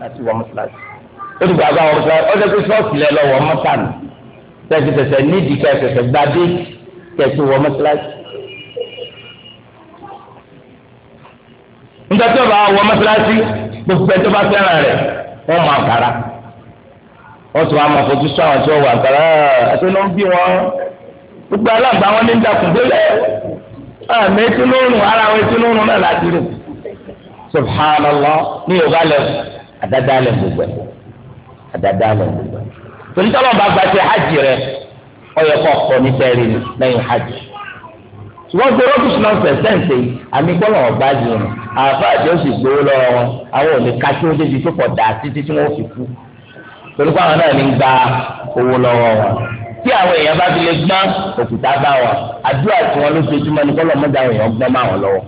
láti wọ mọ́sálásí ó ti gbà bá wọn mọ́sálásí ó ti pé sọ́ọ̀sì lẹ lọ́wọ́ mọ́sálásí tẹ̀sí tẹ̀sẹ̀ nídìí ká tẹ̀sẹ̀ gba dé tẹ̀sí wọ mọ́sálásí. nígbà tó bá wọ mọ́sálásí gbogbo ẹ̀ tó bá fẹ́ràn rẹ̀ wọ́n mọ àǹkárá wọ́n tún wá máa fojú sọ àwọn tí wọ́n wọ àǹkárá àti ló ń bí wọn gbogbo aláǹgbá wọn ní ń dàkún àmì etí subhanallah ní yorùbá àdáda lẹ gbogbo ẹ àdáda lẹ gbogbo ẹ torí tọ́lọ́ bá gba ti hajj rẹ ọyọ kọ́ kọ́ ní sẹ́ẹ̀rì lẹ́yìn hajj ṣùgbọ́n gbé rọ́bìṣì náà fẹ̀sẹ̀ǹtì àmì gbọ́dọ̀ ọ̀gbá jù ú àfa àti oṣù gbowó lọ́wọ́ wọn àwọn ò ní ká tí ó débi tó pọ̀ dà títí tí wọ́n fi kú torí pé àwọn náà ní gba owó lọ́wọ́ wọn tí àwọn èèyàn bá fi lè gbọ́n òkúta bá wọn àdúrà tí wọn ló ṣojúmọ́ ní kọ́lọ́ mọ́dà èèyàn gbọ́n máa wọn lọ́wọ́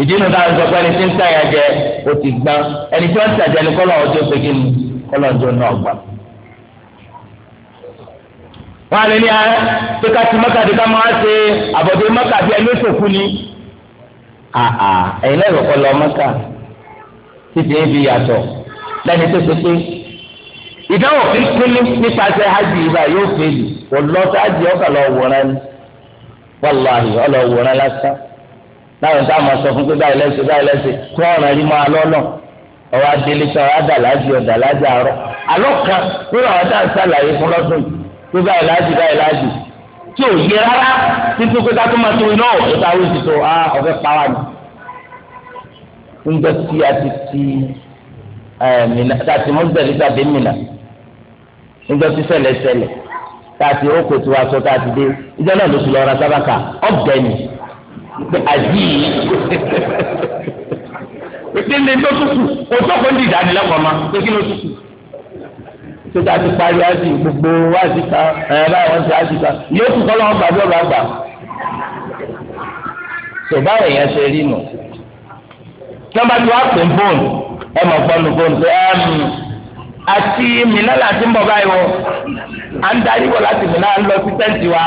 ìdí inú táwọn sọ pé ẹni tí ń tàyà jẹ o ti gbá ẹni tí wọ́n tàjẹ́ ni kọ́lọ́ ọjọ́ pékin kọ́lọ́ ọjọ́ náà gbà. wọ́n á lè ní ara pé ká ti mọ́kà tí ká máa ṣe àbọ̀dé mọ́kà bí ẹni sòkú ni. àà ẹ̀yin náà lọ́kọ́ lọ mọ́kà títí ń fi yàtọ̀ lẹ́ni tó ṣe pé ìdáhùn fi kúnlé nípasẹ̀ hajj ibà yóò fèlè wọ́n lọ́ọ́ sáájì ọkà lọ́ọ́ wòran ni wàláhì ọlọ́ọ́ láwọn tá a máa sọ fún pé báyìí lẹ́sẹ̀ báyìí lẹ́sẹ̀ kí wọ́n rán rí máa lọ́nà ọwọ́ adélé tí wọ́n dà láti ọ̀dà láti àárọ̀ àlọ́ kan nínú àwọn tá à ń sàlàyé fún lọ́dún pé báyìí láti báyìí láti tí ò yẹ rárá títí pé dákú máa tóbi náà ó ta oṣù tó a ah, ọ̀fẹ́ pàwá ni. oúnjẹ tí a ti ti mìnà tá a ti mú bẹ̀rẹ̀ tàbí mìnà oúnjẹ tí ṣẹlẹ̀ tá a ti ó kò tó aṣọ tá a ti dé ìjọ náà ló ti lọ ra sábàkà ọ̀bẹ ni gbàdí pétéle tó tutù òtókò ní ìdánilẹ́kọ̀ọ́ ma pété ló tutù tó ta ti parí àti gbogbo wá síta ẹ̀ báyìí wọ́n ti á síta yóò tún kọ́ lọ́wọ́ gbàdúrà gbàgbà tó báyìí yẹn ṣe rí nù tí wọ́n bá ti wá pè fóònù ẹ̀ mọ̀ fọ́nù fóònù pé ẹ̀ ń àti mìíràn láti ń bọ̀ báyìí o à ń darí bọ̀ láti mìíràn lọ sí tẹ́ǹtì wa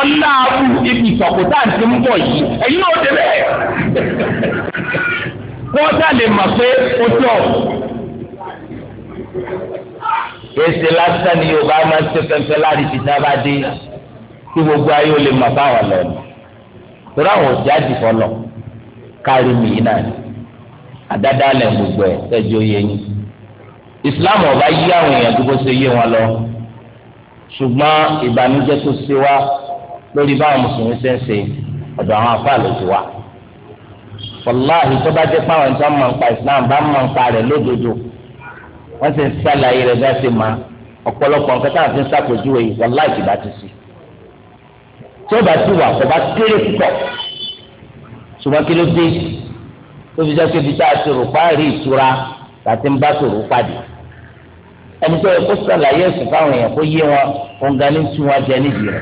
ọ̀nà àbú ibi ìsọ̀kò tá à ń ti ń bọ̀ yìí ẹ̀yin náà dé bẹ́ẹ̀. wọ́n sá lè mọ̀ pé ó tọ̀. èsì lásán ni yorùbá máa ń ṣe fẹ́fẹ́ láti fi tá a bá dé kí gbogbo ayé ó lè mọ̀ báwọn lọ ni. torí àwọn òjì àdìfọ́ lọ kárí mi yìí náà àdáda lẹ̀ gbogbo ẹ̀ tẹ́jú yẹ yín. Islam ọba yí àwọn èèyàn tó kó ṣe yé wọn lọ ṣùgbọ́n ìbànújẹ́ tó ṣe wá lórí báwọn mùsùlùmí ṣe ń ṣe ọ̀dọ̀ àwọn afá ló ti wá. wàláhì tó bá jẹ́ páwọn tó máa ń pa ìsìláàmù bá máa ń pa rẹ̀ lódodo wọ́n sì ń ṣàlàyé rẹ̀ bá ṣe máa ọ̀pọ̀lọpọ̀ nǹkan táwọn fi ń ṣàpèjúwe yìí wàláhì ti bá ti sí. tí ó bá ti wà kó bá kéré púpọ̀ ṣùgbọ́n kí ló dé tó fi jẹ́ pé ibi tá a ti rò páàrí ìtura tàti ń bá sòrò pàdé ẹni tó yẹ kó sàlàyé ẹ̀sìn fáwọn èèyàn kó yé wọn òǹgà ní tún wọn jẹ nídìí rẹ̀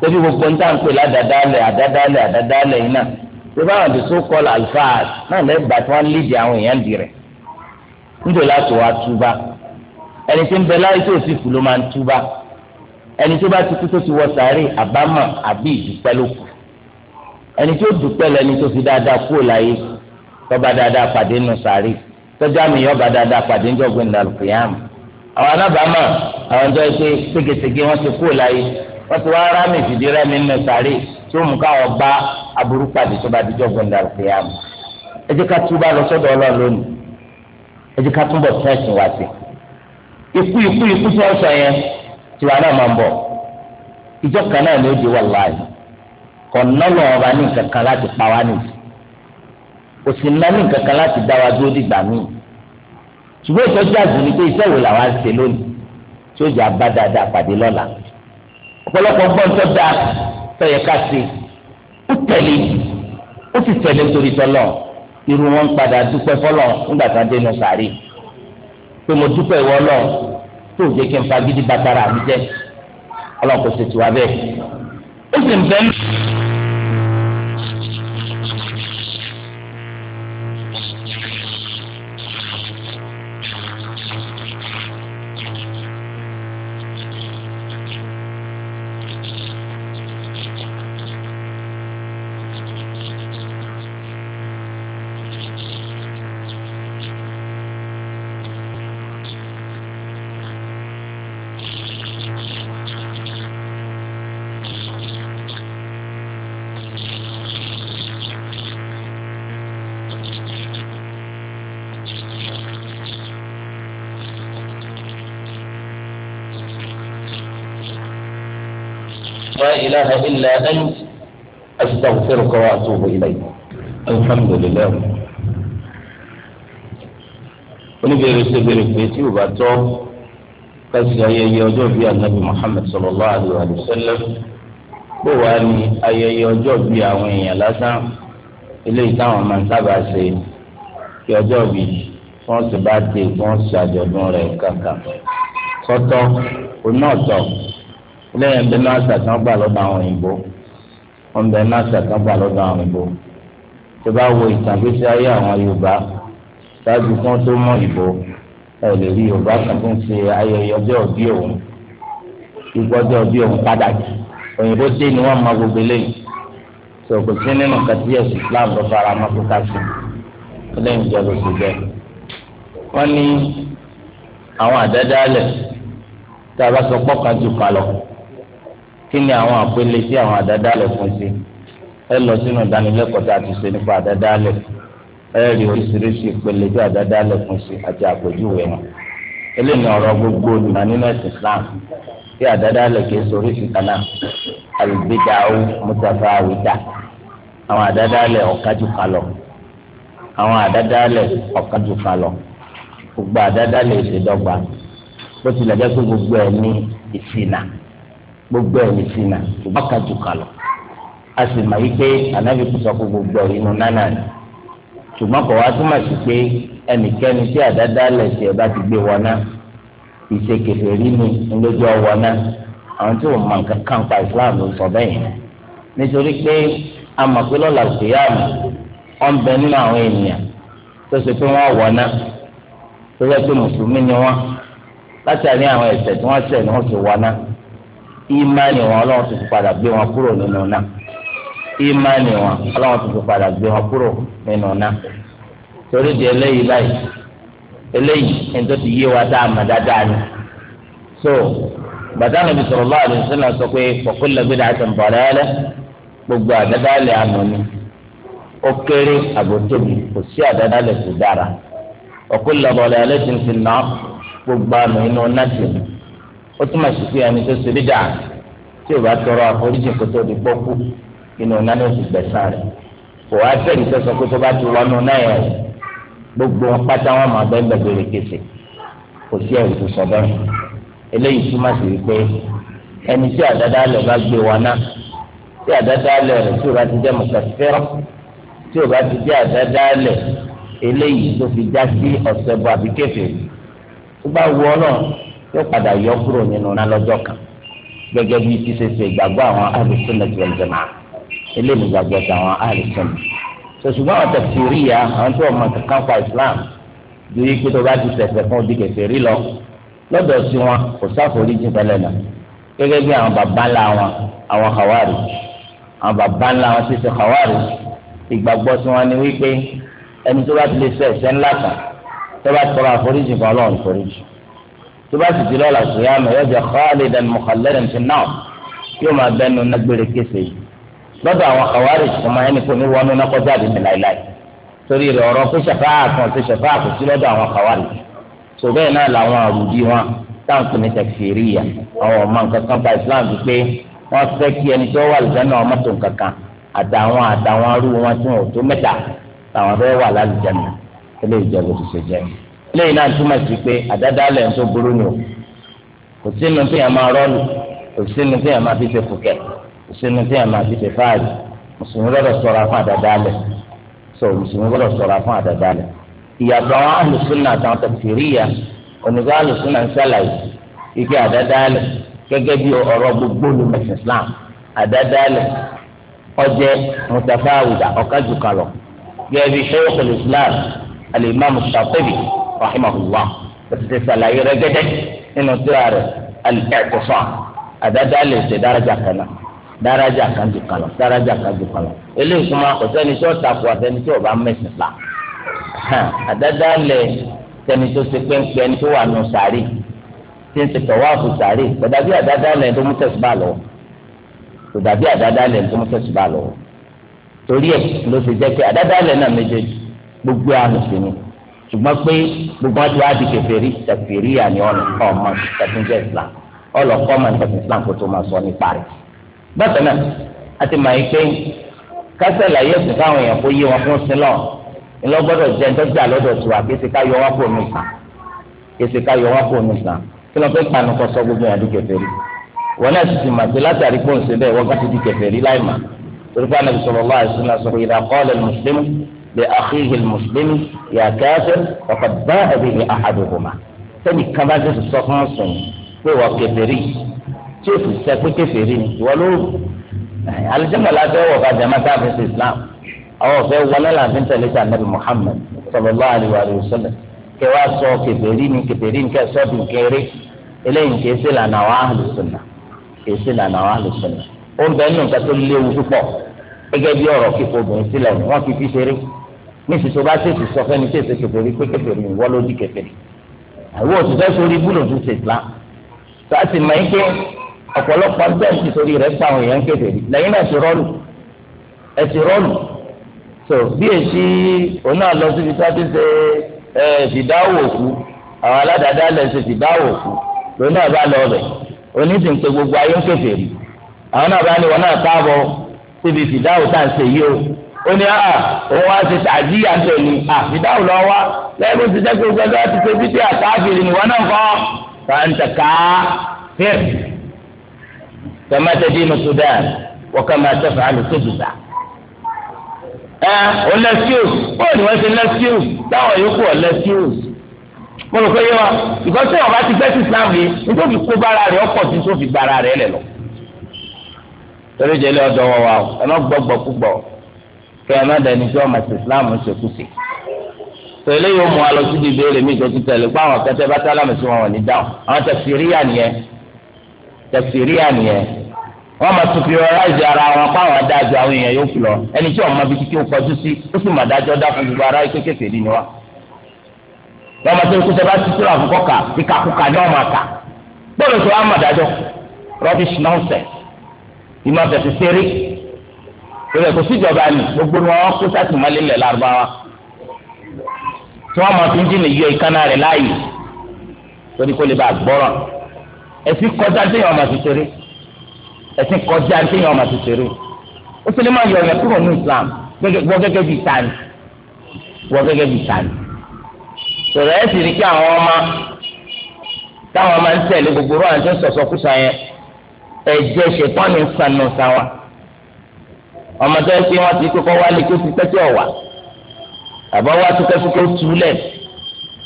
tóbi gbogbo ń tàn pé ládàdálẹ̀ àdádálẹ̀ àdádálẹ̀ yìí náà tó bá wọn ti so kọ́lá àlùfáà náà lẹ́gbàá tí wọ́n lédè àwọn èèyàn dì rẹ̀ nítorí láti wá túbá ẹni tí ń bẹ láyé tó sì kú ló máa ń túbá ẹni tó bá ti kú tó ti wọ sàárè àbámọ̀ àbí ìdúpẹ́ ló kù ẹni tó dúpẹ́ lẹni tó fi dáadáa kú láyé tó bá dáadáa pàdé nù sàárè tọ́jú àmì yọ bá dáadáa pàdé ń jọ̀gbìn ní alùpùpù àwọn alábàámà àwọn jọ ṣe ségesège wọn ti kú láyé wọn ti wá rámì fìdí rẹmi nínú sàárè tí ó mú káwọn bá aburú pàdé tó bá di jọ̀gbìn ní alùpùpù ẹ jẹ́ ká túbà lọ sọ́dọ̀ Ọlọ́run lónìí ẹ jẹ́ ká túbọ̀ tún ẹ̀sìn wá sí ikú ikú ikú tí wọ́n sọ yẹn tiwa náà máa ń bọ̀ ìjọ kan náà ló di wàláyé kọ̀ọ̀nà lọ́wọ́ bá ní nǹkan kan láti pa wá nìyí kò sì ná ní nǹkan kan láti dá wa dúró dìgbà míì ṣùgbọ́n ìtọ́jú àjò ni pé iṣẹ́ wo làwọn á ṣe lónìí tí ó jà bá dáadáa pàdé lọ́la ọ̀pọ̀lọpọ̀ gbọ́n tó dáa tó yẹ ká ṣe ó tẹ̀lé ó sì tẹ̀lé nítorí tọ́lọ̀ irú wọn padà dúpẹ́ fọlọ́ nígbà tá a dénú sàárè pé mo dúpẹ́ ìwọ lọ tó jẹ́ kí n fa gidi bàtàrà mi jẹ́ ọlọ́kùnrin ṣètìwá bẹ́ẹ̀ ó sì ń bẹ́ẹ̀. إله إلا أنت أستغفرك وأتوب إليك الحمد لله oníbèrè ṣe bèrè pé tí o bá tọ́ kásì ayẹyẹ ọjọ́ bíi anabi muhammed sallallahu alayhi wa sallam pé wàá ní ayẹyẹ ọjọ́ bíi àwọn èèyàn lásán eléyìí táwọn máa ń sábà ṣe kí ọjọ́ bíi tí wọ́n sì bá dé tí wọ́n ṣàjọ̀dún rẹ̀ kankan sọ́tọ̀ onáàtọ̀ eléyà ń bẹ náà sàtàn gbà lọ́dọ̀ àwọn òyìnbó wọ́n bẹ náà sàtàn gbà lọ́dọ̀ àwọn òyìnbó tó bá wo ìtàgbésí ayé àwọn yorùbá ṣáájú kí wọ́n tó mọ̀ ìbò ẹ lè rí yorùbá kan tó ń ṣe ayẹyẹ ọjọ́ òbí òun ìgbọ́ ọjọ́ òbí òun padà jù òyìnbó dé ni wọ́n mọ gbogbo eléyìí tó kò sí nínú kàtí ẹ̀sìn islam tó fara mọ́ tó ká sí eléyìí jẹ́ kí ni àwọn àpẹẹlẹ tí àwọn àdádálẹ̀ fún sí ẹ lọ sínú ìdánilẹ́kọ̀ọ́ tá a ti ṣe nípa àdádálẹ̀ ẹ rí oríṣiríṣi ìpele tí àdádálẹ̀ fún sí àti àpèjúwe wọn eléyìí ọ̀rọ̀ gbogbo olùmọ̀ nínú ẹ̀sìn Islam tí àdádálẹ̀ kìí sọ oríṣi kan náà àlùbídà ó mùtàfà àwìdà àwọn àdádálẹ̀ ọ̀kájú kan lọ àwọn àdádálẹ̀ ọ̀kájú kan lọ gbogbo àdádálẹ̀ ìṣèdọ́gba bó tilẹ̀ jẹ́ pé gbogbo ẹ̀ ní ìsìnà gbogbo ẹ̀ ní sinà ṣùgbọ́n kájú kalọ̀ a sì mọ̀ yí pé ànábì kò sọ pé gbogbo ẹ̀ inú nánà ni ṣùgbọ́n kò wá túmọ̀ sí pé ẹnikẹ́ni tí àdáda lẹ̀ tiẹ̀ bá ti gbé wọná ìṣe kèfèrí ni ńlójú ọwọ́ná àwọn tí ò mọ nǹkan kan pa Islam ló sọ bẹ́ẹ̀ nítorí pé a lọ́la òkèèyàn ọ̀n bẹ nínú àwọn ènìyàn tó ṣe pé wọ́n wọná tó yẹ pé mùsùlùmí ni wọ́n látàrí àwọn ẹ̀ṣẹ̀ tí wọ́n ṣẹ̀ ni wọ́n ti wọná. ìmánì wọn ọlọ́run tuntun padà gbé wọn kúrò nínú náà ìmánì wọn ọlọ́run tuntun padà gbé wọn kúrò nínú náà torí di eléyìí láì eléyìí ẹni tó ti yé wa dáadáa ni so bàtà nàbì sallallahu alaihi wasallam sọ pé gbogbo àdádálẹ̀ àná ni ó kéré àbótóbi kò sí àdádálẹ̀ tó dára wa kullu dalalatin gbogbo inú ó túmọ̀ sí pé ẹni tó ṣe bídà tí ò bá tọrọ àforíjì kó tó di pọ́kú inú náà ní oṣù gbẹ̀sán rẹ̀ kò wá sẹ́yìn tó sọ pé tó bá ti wọnú náà yẹn gbogbo wọn pátá wọn máa bẹ́ẹ̀ gbẹ̀gbẹ̀rẹ̀ kése kò sí ẹ̀rù tó sọ bẹ́ẹ̀ eléyìí túmọ̀ sí wípé ẹni tí àdáda lẹ̀ bá gbé wọn náà tí àdáda lẹ̀ rẹ̀ tí ò bá ti jẹ́ mùsàfẹ́rọ̀ tí ò bá ti jẹ́ àdáda lẹ̀ eléyìí tó fi já sí ọ̀sẹ̀ bọ̀ àbí tó bá wọ náà yóò padà yọ kúrò nínú náà lọ́jọ́ kan gẹ́gẹ́ bí ti ṣe ṣe ìgbàgbọ́ àwọn àlùsùnà wal jamaa eléyìí gbàgbọ́ àwọn àlùsùnà sòṣùgbọ́n àwọn tẹ̀síìrì yá àwọn tó ọmọ kankan pa Islam ju yí pé tó bá ti ṣẹ̀ṣẹ̀ fún odi kẹfẹ́rì lọ lọ́dọ̀ sí wọn kò sáforíjì fẹlẹ̀ náà gẹ́gẹ́ bí àwọn bàbá ńlá wọn àwọn Khawarij àwọn bàbá ńlá wọn ti ṣe Khawarij ìgbàgbọ́ sí wọn ni wípé ẹni tó bá ti lè ṣẹ̀ṣẹ̀ ńlá kan tó bá tọrọ àforíjì kan Ọlọ́run foríjì tó bá sì ti lọ́la sùyàmù yóò jẹ khalidan mukhalladan fi náà yóò máa bẹnu nágbèrè kése yìí lọ́dọ̀ àwọn kàwárì tó máa ẹni kò ní wọnú náà kọjá àdìmí láéláé torí rẹ̀ ọ̀rọ̀ kó ṣàfáà kan tó ṣàfáà kò sí lọ́dọ̀ àwọn kàwárì tó bẹ́ẹ̀ náà làwọn àrùdí wọn táǹkù ní tẹ̀síríyà àwọn ọmọ nǹkan kan bá Islam lẹ́yìn náà túmọ̀ sí pé àdádálẹ̀ ń tó burú ni o kò sínú tí yẹn máa rọ́ọ̀lù kò sínú tí yẹn máa fi ṣe fùkẹ́ kò sínú tí yẹn máa fi ṣe fáàlì mùsùlùmí gbọ́dọ̀ ṣọ́ra fún àdádálẹ̀ sọ mùsùlùmí gbọ́dọ̀ ṣọ́ra fún àdádálẹ̀ ìyàtọ̀ àwọn alùsùnà àtàwọn tẹ̀síríyà onígbà alùsùnà ń sàlàyé ike àdádálẹ̀ gẹ́gẹ́ bí ọ̀rọ̀ gbogbo ní rahimahullah òtítẹ sàlàyé rẹ̀ gẹ́gẹ́ nínú tíra rẹ̀ al-i'tisam àdáda lè ṣe daraja kan náà daraja kan ju kan lọ daraja kan ju kan lọ eléyìí kuma ọ̀sẹ́ni tí ó takò àtẹni tí ó bá mẹ́sìn pa àdáda lè tẹni tó ṣe pẹ́ńpẹ́ ẹni tó wà nù sàárì tí ń ṣe tọ̀wáàfù sàárì kò àdáda lẹ̀ tó mú tẹ̀sí bá lọ kò àdáda lẹ̀ tó mú tẹ̀sí bá lọ torí ẹ̀ ló ti jẹ́ pé àdáda lẹ̀ náà méjèèjì gbogbo àmì sí ni ṣùgbọ́n pé gbogbo àti wá di kẹfẹ́rí tẹfẹ́rí àní ọ̀nà ọmọ tẹfẹ́jẹ́ islam ọlọ́kọ́ ọmọ tẹfẹ́ islam kó tó máa sọ nípa rẹ̀. bẹ́ẹ̀ náà a ti máa yí pé kásẹ̀lá yẹ kó káwọn èèyàn kó yé wọn fún sílọ̀ ńlọgbọ́dọ̀ jẹ́ ńdọ́gba lọ́dọ̀ tiwa kéṣe ká yọ wá kó nu islam kéṣe ká yọ wá kó nu islam kí ló fẹ́ panu kọ́ sọ gbogbo yẹn di لأخيه المسلم يا كافر فقد باء به أحدهما sẹ́ni kan bá tẹ̀sí sọ fún ọ̀sùn pé wọ́n kẹfẹ́rì tí o sì sẹ́ pé kẹfẹ́rì ni ìwọ ló alìsẹ́mọ̀ láti ọwọ́ ọ̀gá jamaat àfẹ́sì islam àwọn ọ̀fẹ́ wọlé láti ń tẹ̀lé sàn nàbì muhammed sallallahu alaihi wa sallam kẹ wá sọ kẹfẹ́rì ni kẹfẹ́rì ni kẹ sọ bí kẹrẹ eléyìí kìí sí lànà àwọn ahlu sunna kìí sí lànà àwọn ahlu sunna ó ń bẹ́ẹ̀ nù ní ìsìsọ bá tètè sọ fẹ́ni tètè kẹfẹ́rí pé kẹfẹ́rí ń wọ́ lódì kẹfẹ́rí àwọn òṣìṣẹ́ sórí ibú lòdù ṣe islam tó a sì mọ̀ ẹ́ pé ọ̀pọ̀lọpọ̀ bẹ́ẹ̀ntì sórí rẹ̀ pa àwọn èèyàn kẹfẹ́rí lẹ́yìn náà ti rọ́ọ̀lù ẹ̀ ti rọ́ọ̀lù tó bí èsì òun náà lọ síbi tó a ti ṣe ẹ̀ fìdáwò òkú àwọn aládàáda lẹ̀ ṣe fìdáwò òkú lòun náà bá lọ ó ní à ah, òun wá ṣe tàbí àtẹ ní ah, àfidáhùn lọ wá lẹ́yìn tó jẹ́ pé gbẹdọ́ ti ṣe bí tí àtàkìrì ni wọn náà kọ́ fàǹtàkà fíìm kama tadinu Sudan wa kama taf'alu tujza. ẹ ọ lẹ́síùs bóyá ni wọ́n ṣe lẹ́síùs táwọn yòókù ọ lẹ́síùs mo rò pé yé wa ìgbọ́n tí ti fẹ́ sí Islam yìí nítorí kó bára rẹ̀ ọkọ̀ tí tó fi gbára rẹ̀ lẹ̀ lọ. torí jẹ́lé ọ̀dọ́ kẹ ẹ má dẹni tí ọmọ islam ń ṣekúṣe tẹlẹ yóò mú alọ sí ìbéèrè mi tó ti tẹlẹ pé àwọn akẹtẹ bá sálámù sí wọn wọn ní dáhùn àwọn tẹsíríà nìyẹn tẹsíríà nìyẹn wọn máa tún fi ọ̀rọ̀ ara wọn pa àwọn adájọ́ àwọn èèyàn yóò fi lọ ẹni tí ọmọ bíi kíkí ó sí ó sì máa dájọ́ dá fún gbogbo ara yìí kékeré ni wa wọn máa tún kú sẹba títí ra fún kọkà ìkàkùkà ni wọn máa kà bọ́ọ̀lù rubbish nonsense ìmọ̀ tẹ̀sí ìrẹ̀ kò síjọba ni gbogbo wọn kó sátìmọ́lé lẹ̀ lárúbáwá tí wọ́n máa fi ń dínà yọ ìkànnà rẹ̀ láàyè torí kó lè bá gbọ́rọ̀ ẹ̀sìn kọjá téèyàn ọmọ ti ṣeré ẹ̀sìn kọjá téèyàn ọmọ ti ṣeré ó sì lè máa yọ ọ̀yàn kúrò ní Islam wọ́n gẹ́gẹ́ bíi tani wọ́n gẹ́gẹ́ bíi tani sọ̀rọ̀ ẹ̀sìn rí kí àwọn ọmọ táwọn ọmọ ń tẹ̀lé gbogbo rọ̀ àti sọ̀sọ̀kúsọ yẹn ẹ̀jẹ̀ ṣètọ́ni ń sànù sáwọn ọmọ tó ń pè wọn ti kókó wálé kó ti tẹ́tí ọ̀wà àbọ̀ wá túkẹ́tù kó túlẹ̀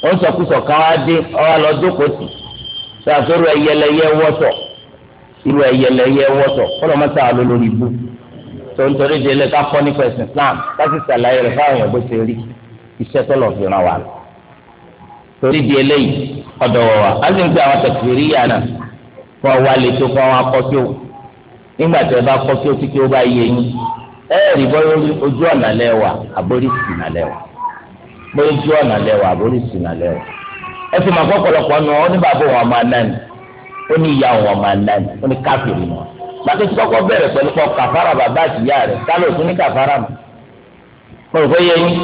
ó ń sọkúsọ kan wá dé ọwọ́ lọ jókòó tì sàfẹ́rù ẹyẹlẹyẹ wọ́tọ̀ irú ẹyẹlẹyẹ wọ́tọ̀ kọ́lọ́ mọ́tà ló lórí ibú tó ń torí délé ká kọ́ nípa ẹ̀sìn Islam láti sàlàyé rẹ̀ fáwọn èèyàn bó ṣe rí iṣẹ́ tó lọ́ọ́ fi ràn wá lọ. torí di eléyìí ọ̀dọ̀ wọ̀ wá á sì ń pe àwọn tẹ̀síìrì yà náà fún ọwọ́ àlejò fún àwọn akọ́kí Eri bọ́yọ̀ ojú ọ̀nà lẹ́wà àbórí sínà lẹ́wà bọ́yọ̀ ojú ọ̀nà lẹ́wà àbórí sínà lẹ́wà ẹ fi máa kọ́ pọ̀lọpọ̀ nù ọ́ ní bàbá wọn máa náni ó ní ìyá wọn máa náni ó ní káfíìrì nù sọ́kọ́ bẹ̀rẹ̀ pẹ̀lú kàfàrà bàbá rẹ̀ ní kàfàrà mọ́ mo rò pé yẹ yín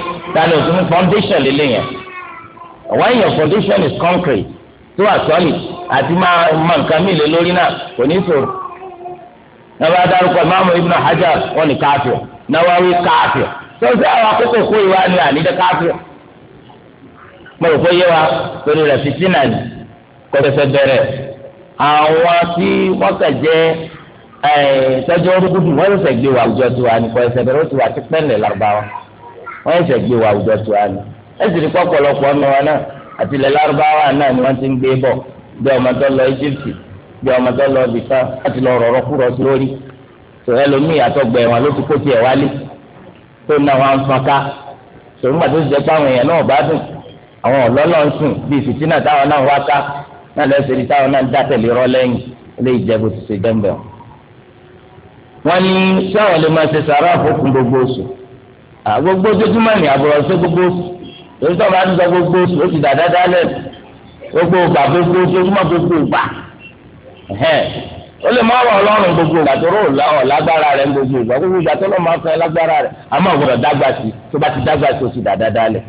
ní foundation yẹn nàbà dárúkọ ìmáàmù ibn hajar wọn ni káfíọ nawawi káfíọ sọsẹ àwọn akókò kó ìwà ni àníjẹ káfíọ mo rò pé yé wa torí rẹ fìtínà ni kò tẹsẹ bẹ̀rẹ̀ àwọn tí wọn kà jẹ ẹ sọjọ orúkúdù wọn ṣẹ̀ṣẹ̀ gbé wa àwùjọ tiwa ni kò ẹsẹ bẹ̀rẹ̀ ó ti wà ti pẹlẹ Lárúbáwá wọn ṣẹ̀ṣẹ̀ gbé wa àwùjọ tiwa ni ẹsì ní kọpọlọpọ ọmọ wa náà àti ilẹ̀ Lárúbáwá náà ni wọn ti ń gbé bọ̀ bí ọmọ tó lọ Íjíbítì bí ọmọ tó lọ bì kan láti lọ rọ̀rọ̀ kúrọ̀ sí lórí tó ẹlòmíì àtọgbà ẹ̀wọ̀n ló ti kó tiẹ̀ wálé tó náà wọn fọn ká sòrò màtó ti jẹ pé àwọn èèyàn náà bá dùn àwọn ọ̀lọ́lọ́ ń sùn bíi fìtínà táwọn náà wá ká náà lẹ́sẹ̀ rí táwọn náà ń dá tẹ̀lé rọ́ lẹ́yìn ilé ìjẹ́bù ti ṣe dẹ́mbẹ̀ wọ́n ní ṣé àwọn lè máa ṣe sàrà àfọkùn gbogbo oṣù gbogbo ojoojúmọ́ ni àbúrò ṣe gbogbo oṣù lórí tó bá ń sọ gbogbo oṣù ó ti dàdá dálẹ̀ gbogbo ògbà gbogbo ojoojúmọ́ gbogbo ògbà o lè má rọ̀ ọlọ́run gbogbo ìgbà tó lágbára rẹ̀ gbogbo ìgbà gbogbo ìgbà tó lọ́ máa fẹ́ lágbára rẹ̀ àmọ́ ògbọ́dọ̀ dágbà sí tó bá ti dágbà sí oṣù dáadáa lẹ̀.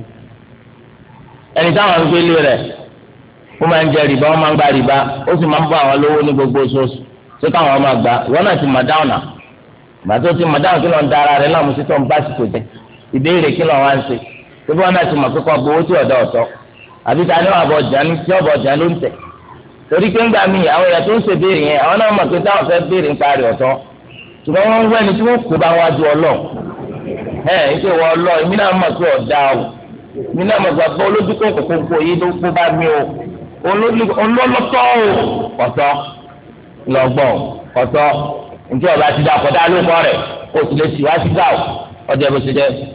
ẹni táwọn ń gbélé rẹ̀ ó máa ń jẹ rìbá ó máa ń gba rìbá ó gbogbo oṣooṣù tó káwọn máa gbà náà ti ìgbà tó ti kí dára rẹ̀ láàmú sí tó torí pé ńgbà míì àwọn èèyàn tó ń ṣèbéèrè yẹn àwọn náà mọ̀ pé táwọn fẹ́ béèrè ń parí ọ̀tọ̀ ṣùgbọ́n wọ́n ń wẹ́ni tí wọ́n kó bá wájú ọlọ́ọ̀ ẹ̀ ń ṣe wọ ọlọ́ọ̀ èmi náà mọ̀ pé ọ̀dà o èmi náà mọ̀ gbàgbọ́ olójú kò kókó yìí ló kó bá mi o olólọ́tọ́ o ọ̀tọ́ lọ́gbọ́n ọ̀tọ́ ǹjẹ́ ọba ti dà kọ́dá lóko rẹ̀ o sì lè ṣì wá sí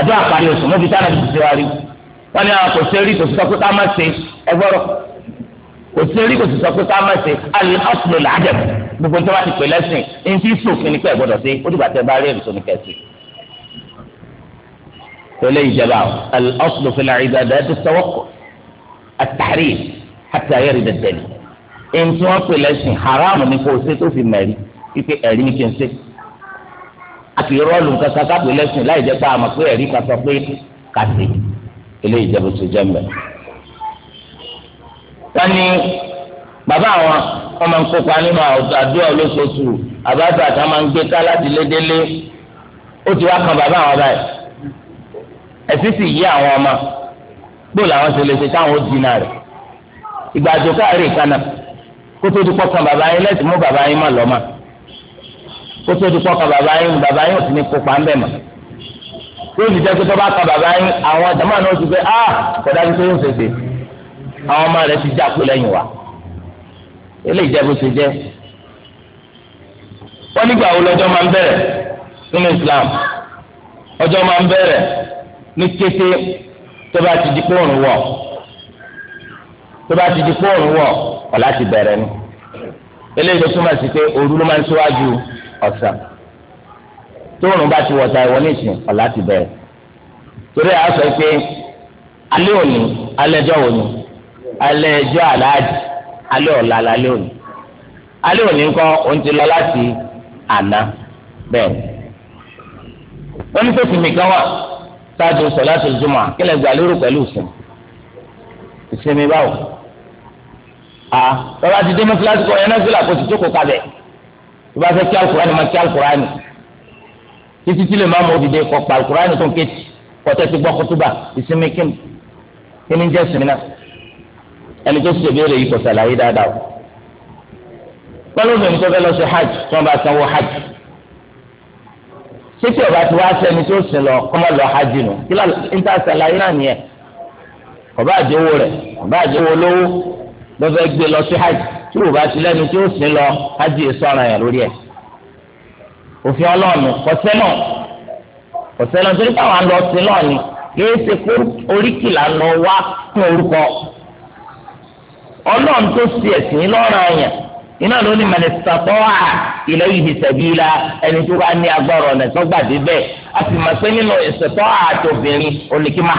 àdó àparí oṣù mọ́bi tá a ti ṣe wa rí wọ́n ní àwọn ah, kò sí rí kò sí sọ pé ká má ṣe ẹ kò sí kò sí sọ pé ká má ṣe àlè ọ̀sùn làádẹ̀ gbogbo tó bá ti pè lẹ́sìn ní sòfin ni pé gbọ́dọ̀ ṣe ó dìgbà tẹ bá rí èrè sóni kẹsì. tẹ́lẹ̀ ìjẹba àlè ọ̀sùn fìlà ìdàdà ẹ̀ ti sọ́wọ́ àtàrí àti ayẹ́rì dẹ̀dẹ̀lì ni àti rọ́ọ̀lù kankan kápẹ́ lẹ́sìn láì jẹ́ pé àmọ̀ pé ẹ̀rí kan sọ pé kàtì eléyìí jẹ́ bó ṣe jẹ́ mbẹ́. wọ́n ní bàbá àwọn wọ́n máa ń kópa nínú àdúrà olóṣooṣù àbájá àti wọ́n máa ń gbé ká láti lédélé ó ti wá kan bàbá àwọn báyìí ẹ̀sìn sì yí àwọn ọmọ gbó làwọn ṣe lè ṣe táwọn ó dínà rẹ̀ ìgbà àjò káàárẹ̀ ìkànnà kó tó dúpọ̀ kan bàbá yín lẹ́sìn mú bàbá yín má lọ́ọ́ kó tó ti kọ́ ka bàbá yín bàbá yín ò sì ní kópa ń bẹ̀ mọ́ yóò ti jẹ́ pé tó bá ka bàbá yín àwọn jàmá náà ti ah, pé ah kọ̀dá ti tó yóò ṣe ṣe àwọn ọmọ rẹ̀ ti jáko lẹ́yìn wa eléyìí jẹ́ bó ṣe jẹ́ wọ́n nígbà wo lọ́jọ́ máa ń bẹ̀rẹ̀ nínú Islam ọjọ́ máa ń bẹ̀rẹ̀ ní kété tó bá ti di kóòrùn wọ̀ tó bá ti di kóòrùn wọ̀ ọ̀la ti bẹ̀rẹ̀ ni eléyìí tó túmọ̀ sí pé òru ló máa ń ọ̀sán tóorùn bá ti wọ̀ta ìwọ nísìn ọ̀la ti bẹ̀rẹ̀ torí àá sọ pé alẹ́ òní alẹ́ ẹjọ́ òní alẹ́ ẹjọ́ aláàjì alẹ́ ọ̀la lálẹ́ òní alẹ́ òní ńkọ́ òun ti lọ láti àná bẹ́ẹ̀ wọ́n ní pèsè mi kan wà ṣáájú sọ̀láṣí jùmọ̀ kílẹ̀ gbà lérò pẹ̀lú ìsinmi ìsinmi báwo a bàbá ti dé mọ́sálásí kan yẹn náà sílà kó ti jókòó kabẹ̀ tó bá fẹ́ kí alukurani máa kí alukurani títí tí lè máa mọ òdìdè kọ pa alukurani tó ń ké kọtẹ́ ti gbọ́ kótóbà ìsinmi kíni kíni jẹ́ sinmi náà ẹni tó ṣe béèrè yìí kò sàlàyé dáadáa o pẹ̀lú obìnrin tó fẹ́ lọ sí hajj tí wọ́n bá sanwó hajj títí ọba tí wàá sẹni tó sìn lọ kọ́mọ lọ hajj nù kí lọ níta sàlàyé náà nìyẹn ọba àjẹwò rẹ̀ ọba àjẹwò olówó lọ́fẹ́ gbé lọ sí hajj. tí o bá ti lẹ́nu tí ó sin lọ ájì èso ara yẹn lórí ẹ̀ òfin ọlọ́ọ̀nù kọ̀sẹ́nà kọ̀sẹ́nà torí káwọn lọ sin lọ ni kìí ṣe kó oríkì lànà wá fún orúkọ ọlọ́ọ̀n tó ṣe ẹ̀sìn lọ́ra yẹn iná ló ní ilẹ̀ ẹni tó bá ní ọ̀nà tó a sì máa nínú ìṣẹ̀tọ́ oníkí wà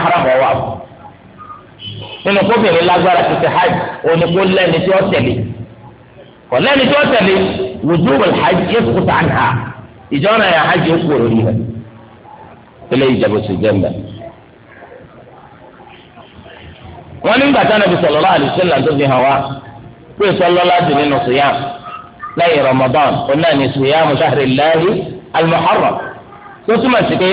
nínú kóbìnrin lágbára ti ti hajj oníkó lẹ́ni tí ó tẹ̀lé kọ̀lẹ́ni tó tẹ̀lé wùdúwò hajj kúta nà ìjọ náà yà hajj kú òrò yìí ilé ìjẹ̀bù sì jẹ́ mbẹ́. wọ́n ní gbàtà nàbì sallallahu alaihi wasallam tó fi hàn wá pé sọlọ́lá dì nínú siyam lẹ́yìn ramadan ọ̀nà ní siyam shahrillahi al-muharram tó túmọ̀ sí pé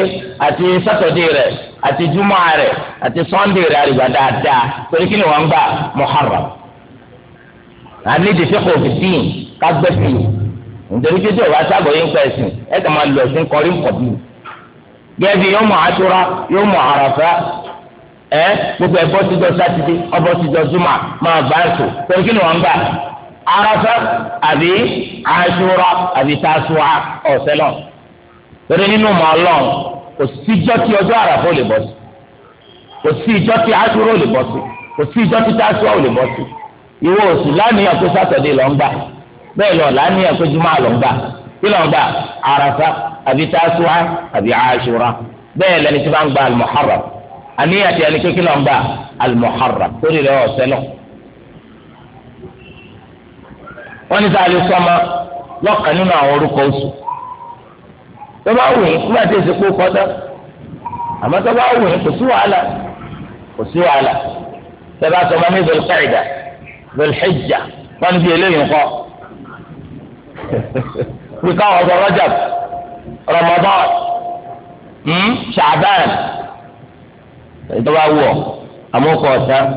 àti sátọ̀dé rẹ̀ àti júmọ́ rẹ̀ àti sọ́ndé rẹ̀ àrìgbà dáadáa torí kí ni wọ́n ń gbà muharram àní ìdìfẹ́ kò fi dín ká gbẹ́ sí i nítorí pé tí o bá sábọ̀ yín pẹ́ sìn ẹ kàn máa lọ sí kọrí nkọ̀bí gẹ́gẹ́ yóò mọ̀ àtúrà yóò mọ̀ àràfà ẹ gbogbo ẹ bọ́ síjọ sátidé ọbọ̀ síjọ júmà máa bá ètò pẹ̀lú kí ni wọ́n ń bá àràfà àbí àṣúrà àbí tàṣùà ọ̀sẹ̀ lọ torí nínú mọ̀ ọlọ́run kò síjọ́ tí ọjọ́ àràfà ò lè bọ́ sí kò sí ìjọ́ tí àṣúrà ò lè bọ́ sí kò sí ìjọ́ tí tàṣùà ò lè bọ́ sí ìwọ oṣù lánìyàn pé sátọ̀dé lọ ń gbà bẹ́ẹ̀ lọ lánìyàn pé jùmọ̀ àlọ́ ń gbà kí lọ ń gbà àràfà àbí tásùwà àbí àṣùrà bẹ́ẹ̀ lẹni tí wọ́n ń gba al-Muharram àníyàn ti ẹni pé kí lọ ń gbà al-Muharram torí rẹ ọ̀sẹ̀ lọ. wọ́n ní sáà lè sọ́mọ lọ́kàn nínú àwọn orúkọ oṣù tó bá wù yín nígbà tí èsì àmọ́ tó bá wù yín kò sí wàhálà kò sí wàhálà tẹ́ lọ́lẹ́jà wọ́n bí eléyìí ńkọ́ Rajab Ramadan Ṣàbán hmm, ìjọba wù ọ́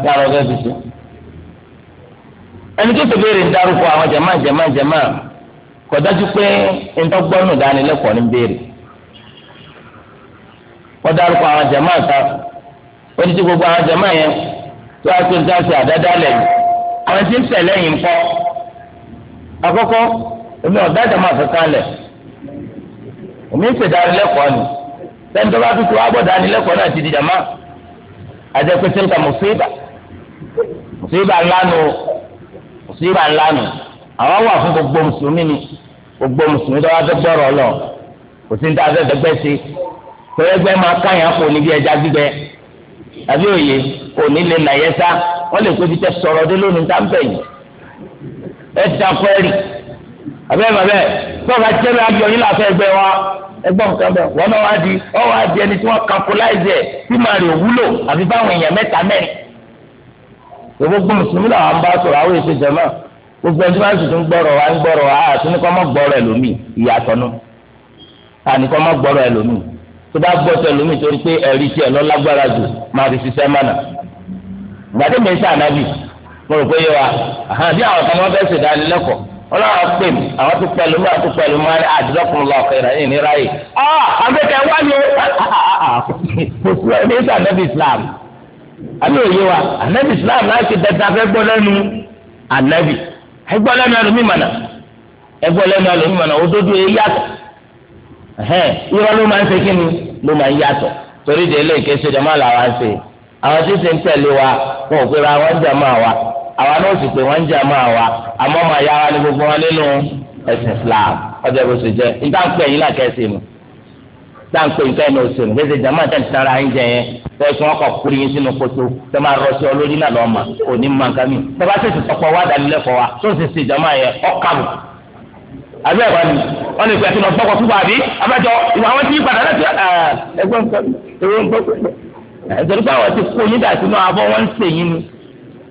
yàrá ọ̀gá ẹ̀fíṣẹ́ ẹni tó tẹ̀bẹ̀rẹ̀ ń darúkọ àwọn jama jama jama kò dájú pé ntọ́gbọ́nù dánilẹ́kọ̀ọ́ ní béèrè wọ́n darúkọ àwọn kan àwọn tí ń ṣẹlẹ̀ yìí ń kọ́ àkọ́kọ́ èmi ọ̀dá ìjọba àfẹ́kàn lẹ̀ èmi ń ṣèdánilẹ́kọ̀ọ́ ni sẹ́ni tó bá tutù agbọ̀dánilẹ́kọ̀ọ́ náà ti di jàmá àjẹpẹ́sẹ́ nǹkan mùsíbà mùsíbà ńlá nu mùsíbà ńlá nu àwọn wà fún gbogbo mùsùlùmí ni gbogbo mùsùlùmí tó bá fẹ́ lọ kò sí ní tá a fẹ́ sí pẹ́ẹ́gbẹ́ máa káyàn kò níbi ẹja gbígbẹ tàbí òye kò ní lè nàyẹ́sá wọ́n lè pébi tẹ sọ̀rọ̀ dé lónìí tá ń bẹ̀ yìí ẹ dàpọ̀ ẹ rì abẹ́rẹ́ bàbẹ́ tọ́ba jẹ́rẹ́ abiyọ̀yìn láfẹ́ ẹgbẹ́ wa ẹgbọ́n nǹkan bẹ́ẹ̀ wọ́n náà wá di ọ́ wá di ẹni tí wọ́n kankuláìzẹ̀ tí màá rè wúlò àbí báwọn èèyàn mẹ́ta mẹ́rin gbogbo mùsùlùmí làwọn bá sọ̀rọ̀ àwọn èso jẹ̀mọ́ gbogbo ẹni tí wọ́n sì tún gbọ́rọ̀ wá ń gbọ́rọ̀ wá àti ní kọ́ mọ́ gbọ́rọ̀ ẹlòmíì ìyàtọ̀ nù àní kọ́ mọ́ gbọ́rọ̀ ẹlòmíì tó bá gbọ́ tẹlòmíì torí pé ẹ̀rí tiẹ̀ lọ lágbára jù máa fi ṣiṣẹ́ mánà gbàdé mi sá ànábì mo rò pé yé wa bí àwọn kan wọn fẹ́ ṣe ìdánilẹ́kọ̀ọ́ wọn náà pè mí àwọn tó pẹ̀lú mọ́ àwọn tó pẹ̀lú mọ́ àdìlọ́kùnrin lọ ọ̀kẹ́ àgbẹ̀kẹ̀ wá ní sá ah, ah, ah, Islam àbí òye wa Islam náà ti dẹ́ta fẹ́ gbọ́ lẹ́nu ẹgbọ́ lẹ́nu ẹlòmí mọ̀nà ẹgbọ́ lẹ́nu ẹlòmí mọ̀nà òdodo yẹ yàtọ̀ irọ́ ló máa ń kí ni ló máa ń yàtọ̀ torí de ilé ìkẹsẹ̀ làwọn á àwọn tí sì ń tẹ̀lé wa wọn ò pera wọn jà máa wa àwa náà sì pé wọn jà máa wa àmọ́ màá yára ní gbogbo wọn nínú ẹ̀sìn Islam ọjọ́ bó ṣe jẹ́ níta ń pè yín làkẹ́sì nù tá à ń pè nǹkan ẹnu òsè nù gbèsè jàmbá tẹ̀ ń tara ẹ̀ jẹ yẹn tẹ̀sán ọkọ̀ kúrò yín sínú kótó tẹ̀ máa rọ sí olórí náà lọ́ọ́ mà òní mà nǹkan mi tẹ̀bá wa tó ń sì ṣe jàmbá yẹn ọ̀kàbù. àbí ẹ̀kọ́ ni wọ́n lè fi ẹ̀sìn lọ fọ́kọ̀ fúnpa àbí abájọ ìwà àwọn tí yí nítorí pé àwọn ti kó yín dà sínú abọ́ wọ́n ń sè yín ni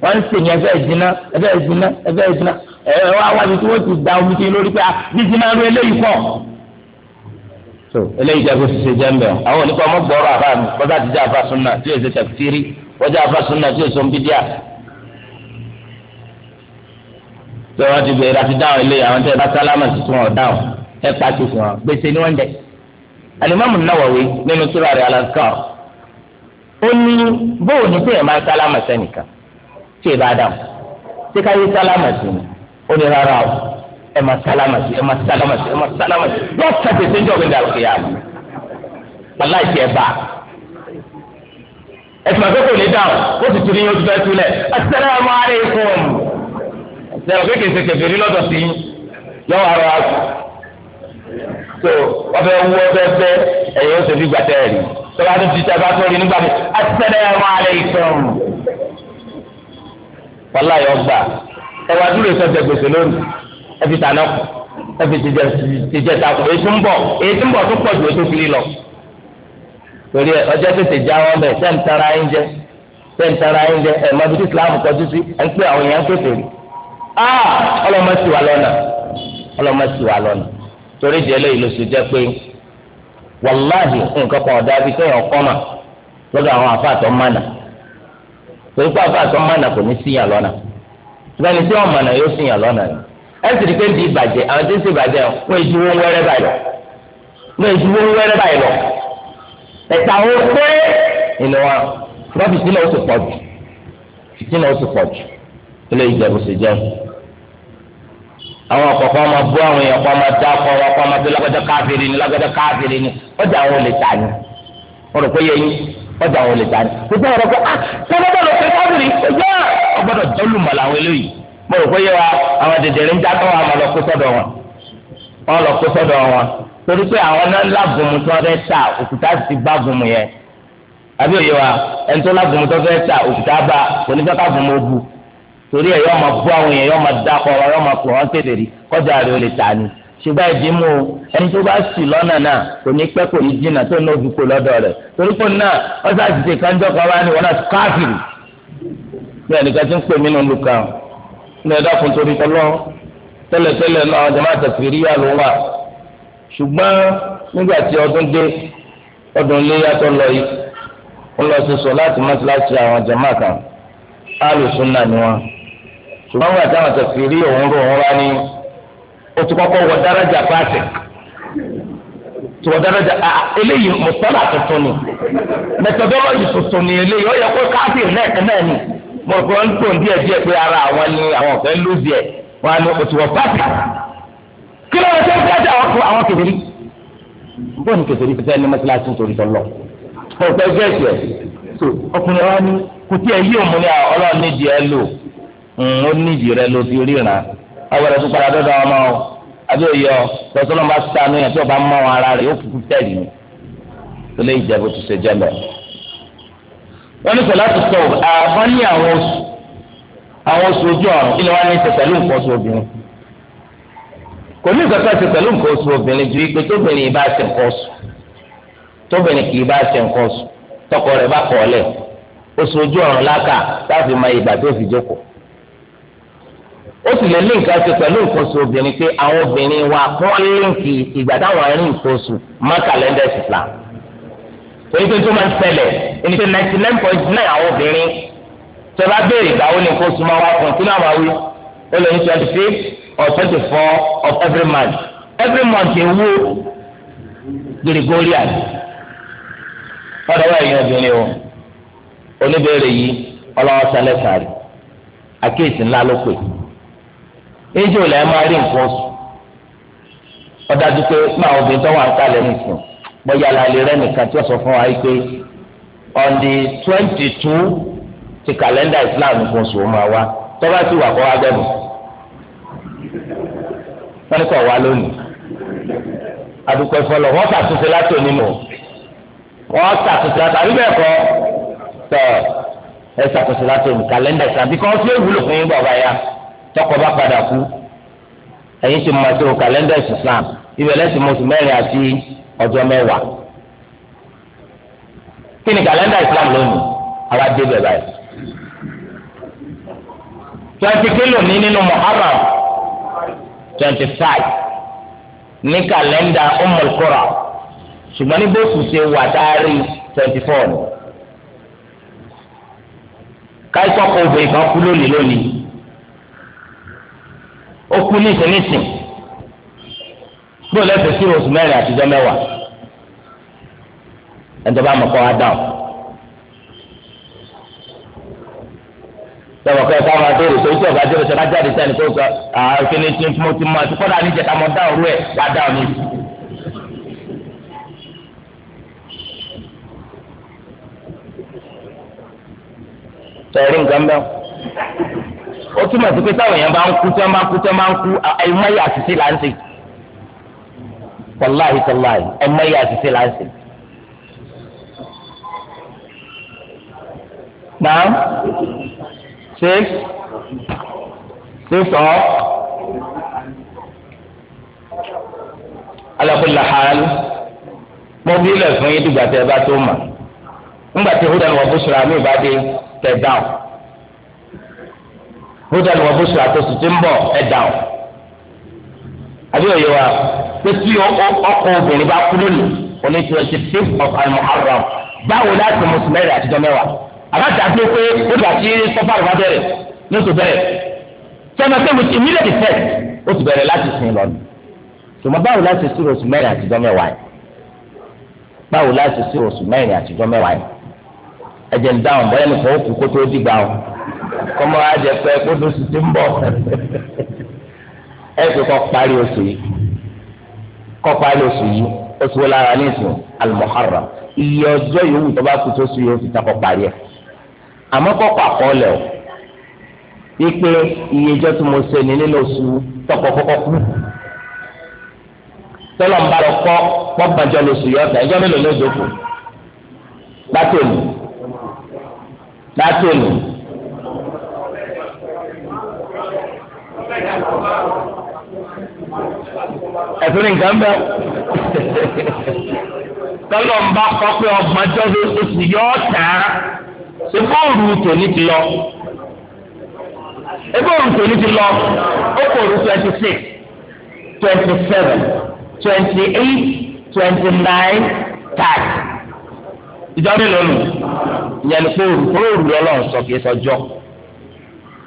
wọ́n ń sè yín ẹfẹ́ ìdíná ẹfẹ́ ìdíná ẹfẹ́ ìdíná ẹ wá wájú tí wọ́n ti da omi sí lórí pé dídíná ah, ru eléyìí pọ̀. so eléyìí jẹ́ kó ti ṣe jẹ́ ń bẹ̀ ọ́ àwọn onípa ọmọ gbọ́rọ̀ àbá mi bọ́dà ti jẹ́ àfa súnà tí èsì tẹ̀fìtìrì wọ́n jẹ́ àfa súnà tí èso ń bí díà. pé wọ́n ti bẹ̀rẹ̀ àti dáhùn eléyìí àwọn tẹ́ ẹ bá sálámà sí fún ọ dáhùn ẹ pàṣẹ fún ọ gbèsè ni wọ́n dẹ̀. Al-Imam An-Nawawi nínú tírà rẹ̀ Al-Azkar ó ní bóò ní tí ẹ máa sálámà sẹ́nìkan tí ẹ bá dáhùn tí ká yé sálámà sí ni ó ní rárá o ẹ máa sálámà sí ẹ máa sálámà sí ẹ máa sálámà sí yóò tẹ̀sí sí ìjọba ìdá òkè yàrá wàláì tí ẹ bá ẹ tún àgbẹ̀kọ̀ ní dáhùn ó sì tún ní yóò tún fẹ́ túlẹ̀ asalaamu aleykum ṣe ọ̀gbẹ́ kèsè kèfèrí lọ́dọ̀ sí yóò wá rọ àgbà tó ọbẹ̀ wú ọbẹ̀ bẹ́ ẹ̀yẹ́ ó ṣe fi gbàtẹ́ ẹ̀ tọ́ba tó ti tẹ́ba tó rí nígbà mi assalamu alaikum. wàhálà yọ gbà ẹ wá dúró sọ́jà gbèsè lónìí ẹ fi tànà kù ẹ fi tìjẹ takò èyí tó ń bọ̀ èyí tó ń bọ̀ tó pọ̀ ju ètò fili lọ. torí ẹ ọjọ́ tètè já wọn bẹ̀ sẹ́ń tara ẹ̀ ń jẹ sẹ́ń tara ẹ̀ ń jẹ ẹ̀ mọ́bi tí Islam kọjú sí ẹ̀ ń pè àwọn èèyàn kéfèé rí. Ah! ọlọ́mọ sì wà lọ́nà ọlọ́mọ sì wà lọ́nà torí ìdí ẹlẹ́yìí ló sì jẹ́ pé wàláhì nǹkan kan ọ̀dà bíi kéèyàn kọ́mà lọ́dọ̀ àwọn afáàtọ̀ mánà torí pé afáàtọ̀ mánà kò ní síyàn lọ́nà ṣùgbọ́n ẹni tí wọ́n mánà yóò síyàn lọ́nà ni ẹ sì rí pé di ìbàjẹ́ àwọn tí ń ṣe ìbàjẹ́ wọn èjú wọn wẹ́rẹ́ báyìí lọ wọn èjú wọn wẹ́rẹ́ báyìí lọ ẹ̀ta wọn pé ìnú wa wọ́n fìtínà ó sì pọ̀ jù fìtínà ó sì pọ̀ jù ilé àwọn ọ̀kọ̀ọ̀kan máa bú àwọn èèyàn kọ́ máa dá kọ́ wọn kọ́ máa tó lágbàjá káfíìrì ni lágbàjá káfíìrì ni ọjà àwọn olè tà ní wọn rò pé yẹ yín ọjà àwọn olè tà ní gbogbo àwọn ọ̀rọ̀ pé ah sábàbà lọ pé káfíìrì ọjà ọgbọ́dọ̀ jọ́lùmọ̀ làwọn eléyìí mo rò pé yẹ wa àwọn dèdèrè ń dátọ́ wa máa lọ kó sọ́dọ̀ wọn wọn lọ kó sọ́dọ̀ wọn torí pé àwọn torí ẹ yọ ọmọ bú àwọn èèyàn yọ ọmọ dákọ ọ yọ ọmọ pọ wọn kéde rí kọjá rẹ ò lè tà ní ṣùgbọ́n ìdímú ẹni tó bá sì lọ́nà náà kò ní pẹ́ kò ní jìnnà tó ní òbí kò lọ́dọ̀ rẹ̀ torí pé náà wọ́n sá ti ṣe kánjọ́ kan wá ní wọn náà káfìrì bí ẹnìkan ti ń pè mí nínú kan ní ẹ̀dá kun torí tọ́lọ́ tẹ́lẹ̀tẹ́lẹ̀ náà ọjà máa tẹ̀sí rí yà ló wà ṣùgbọ́n nígbà tí ọdún dé ọdún ilé yàtọ̀ lọ yìí ó lọ sí sọ láti mọ́ṣáláṣí àwọn jàmáà kan alùsùn náà ni wọ́n ṣùgbọ́n wọn àtàwọn tẹ̀sí rí òun rò wọn wá ní o daraja pàṣẹ daraja a eléyìí tuntun ni methodology tuntun ni eléyìí ó yẹ kó káàdì náà ni mo rò pé wọ́n ń díẹ̀ díẹ̀ ara àwọn ni àwọn ọ̀fẹ́ ń lù wọn á o ti wọ pàṣẹ kí ló ń ṣe ń àwọn kèfèrí bó ni kèfèrí mọ́tíláṣí tọ́lọ́ ẹ̀ Hmm, ó nídìí rẹ ló ti ríran ọgbọdọ tó padà dọdọ ọmọ o ọ bá sànú yẹn tí ọba mọ ara rẹ yóò kúkú tẹ̀lé mi tó lè jẹ́ bó ti ṣe jẹ́ lọ. ní ojú kí ni wọ́n ní ṣe pẹ̀lú nǹkan oṣù obìnrin kò ní nǹkan kan ṣe nǹkan oṣù obìnrin ju ipe tóbìnrin yìí ṣe nǹkan oṣù tóbìnrin kì í bá ṣe nǹkan oṣù tọkọ bá ojú láka láti ìgbà tó fi jókòó ó sì lè líǹkì àti pẹ̀lú nǹkan oṣù obìnrin pé àwọn obìnrin wa kún líǹkì ìgbà táwọn arìn nǹkan oṣù má kàlẹ́ndà Islam torí pé tó máa ń ṣẹlẹ̀ ẹni pé ninety nine point nine àwọn obìnrin tó bá béèrè ìgbà wo ni nǹkan oṣù máa wá fún un kí náà máa wí ó lè ní twenty six or twenty four of every month every month ewu gregorian ọ̀dọ̀ wa ẹ̀yin obìnrin o oníbèrè yìí ọlọ́wọ́ sálẹ̀ sáré àkíyèsí ńlá ló pè é ejò lẹ máa rí nǹkan oṣù ọdájú pé máa obìnrin tó wà ń kalẹ̀ nìkan bóyá la lè rẹ́ nìkan tí ó sọ fún wa yìí pé on the twenty two ti kàlẹ́ndà Islam nǹkan oṣù máa wá tó bá ti wà kó wá bẹ́ẹ̀ bọ̀ wọ́n ní kò wá lónìí àdúgbò ìfọlọ́ wọ́n ṣàtúnṣe láti onínú wọ́n ṣàtúnṣe láti àbí bẹ́ẹ̀ kọ́ tọ́ ẹ ṣàtúnṣe láti onínú kàlẹ́ndà Islam bí kò wọ́n fi èwúlò fún yín bọ̀ báyà tọkọ bá padà kú ẹ̀yin ti mọ̀ sí kàlẹ́ndà Islam ibẹ̀ lẹ́sìn mọ̀sùn mẹ́rin àti ọjọ́ mẹ́wàá kí ni kàlẹ́ndà Islam lónìí àwa dé bẹ̀ báyìí twenty kilo ní nínú Muharram twenty five ní kàlẹ́ndà Ummul Qura ṣùgbọ́n ní bóṣù ṣe wà dárí twenty four káyọ̀ kọ́ obìnrin kan kú lónìí lónìí ó kú ní ìsinísìn bó lẹ́sẹ̀ sí oṣù mẹ́rin àtijọ́ mẹ́wàá ẹ̀dọ́ bá mọ̀ kọ́ wa dáhùn. tẹ̀wọ̀ kẹ́ ká máa béèrè sórí tí ọ̀gá jẹ́ òṣèlú ajáde sẹ́ni tó sọ àkíní tí mo ti máa ti kọ́dà níjẹ̀ ká mọ dáhùn rú ẹ̀ wá dáhùn ní. tẹ̀rí nǹkan bẹ́ẹ̀ ó túmọ̀ sí pé táwọn èèyàn bá ń kú tí wọ́n bá ń kú tí wọ́n bá ń kú ẹ̀mọ́yà àṣìṣe là ń ṣe wàláhì tàláhì ẹ̀mọ́yà àṣìṣe là ń ṣe. náà ṣe ṣe sọ alábùlà hàlù mo bí ilẹ̀ fún yín dùgbà tẹ́ ẹ bá tó mà ńgbà tí húdà ni wọ́n bó ṣọra mi ìbá tẹ̀ dáhùn bóta ni wọn bó sùn àtọsùn ti ń bọ ẹdá o àbí òye wa pé tí ọkọ obìnrin bá kú lónìí òní twenty fifth of al-muharram báwo láti mùsùlùmí àtijọ́ mẹ́wàá àbájáde pé bóta tí sọ́fàrù bá bẹ̀rẹ̀ ní oṣù bẹ̀rẹ̀ sọ́nà pé mo ti immediately first oṣù bẹ̀rẹ̀ láti sìn lọ́nà tòmọ́ báwo láti sí oṣù mẹ́rin àtijọ́ mẹ́wàá yìí báwo láti sí oṣù mẹ́rin àtijọ́ mẹ́wàá yìí ẹ̀jẹ̀ ń dáhùn bọ́yá nìkan ó kú kó tó dìgbà o kọ́mọ ajẹ pé kótó sì ti ń bọ̀ ẹ fi kọ́ parí oṣù yìí kọ́ parí oṣù yìí oṣù wo lára ní ìsìn al-Muharram iye ọjọ́ yòówù tó bá kú tó sùn yóò fi takọ̀ parí ẹ̀ àmọ́ kọ́kọ́ àkọọ́lẹ̀ o wípé iye ìjọ tí mo ṣe ní nínú oṣù tọkọ kọ́kọ́ kú tọ́lọ̀ ń bá lọ kọ́ pọ́nbàjọ́ lóṣù yọ ọ̀tà ẹjọ́ mélòó ló dòkù látòlù látòlù ẹ̀sìn nǹkan bẹ́ẹ̀ tọ́lọ̀ ń bá kọ́ pé ọgbọ́n jọ́sẹ̀ oṣù yọ ọ́ tà á ṣe bóòrù tòní ti lọ ebe òrùn tòní ti lọ ó kò rú twenty six twenty seven twenty eight twenty nine thirty ìjọba ìlú ìyẹn ni kó òrùn kó òrùn lọ́lọ́run sọ kìí sọjọ́. So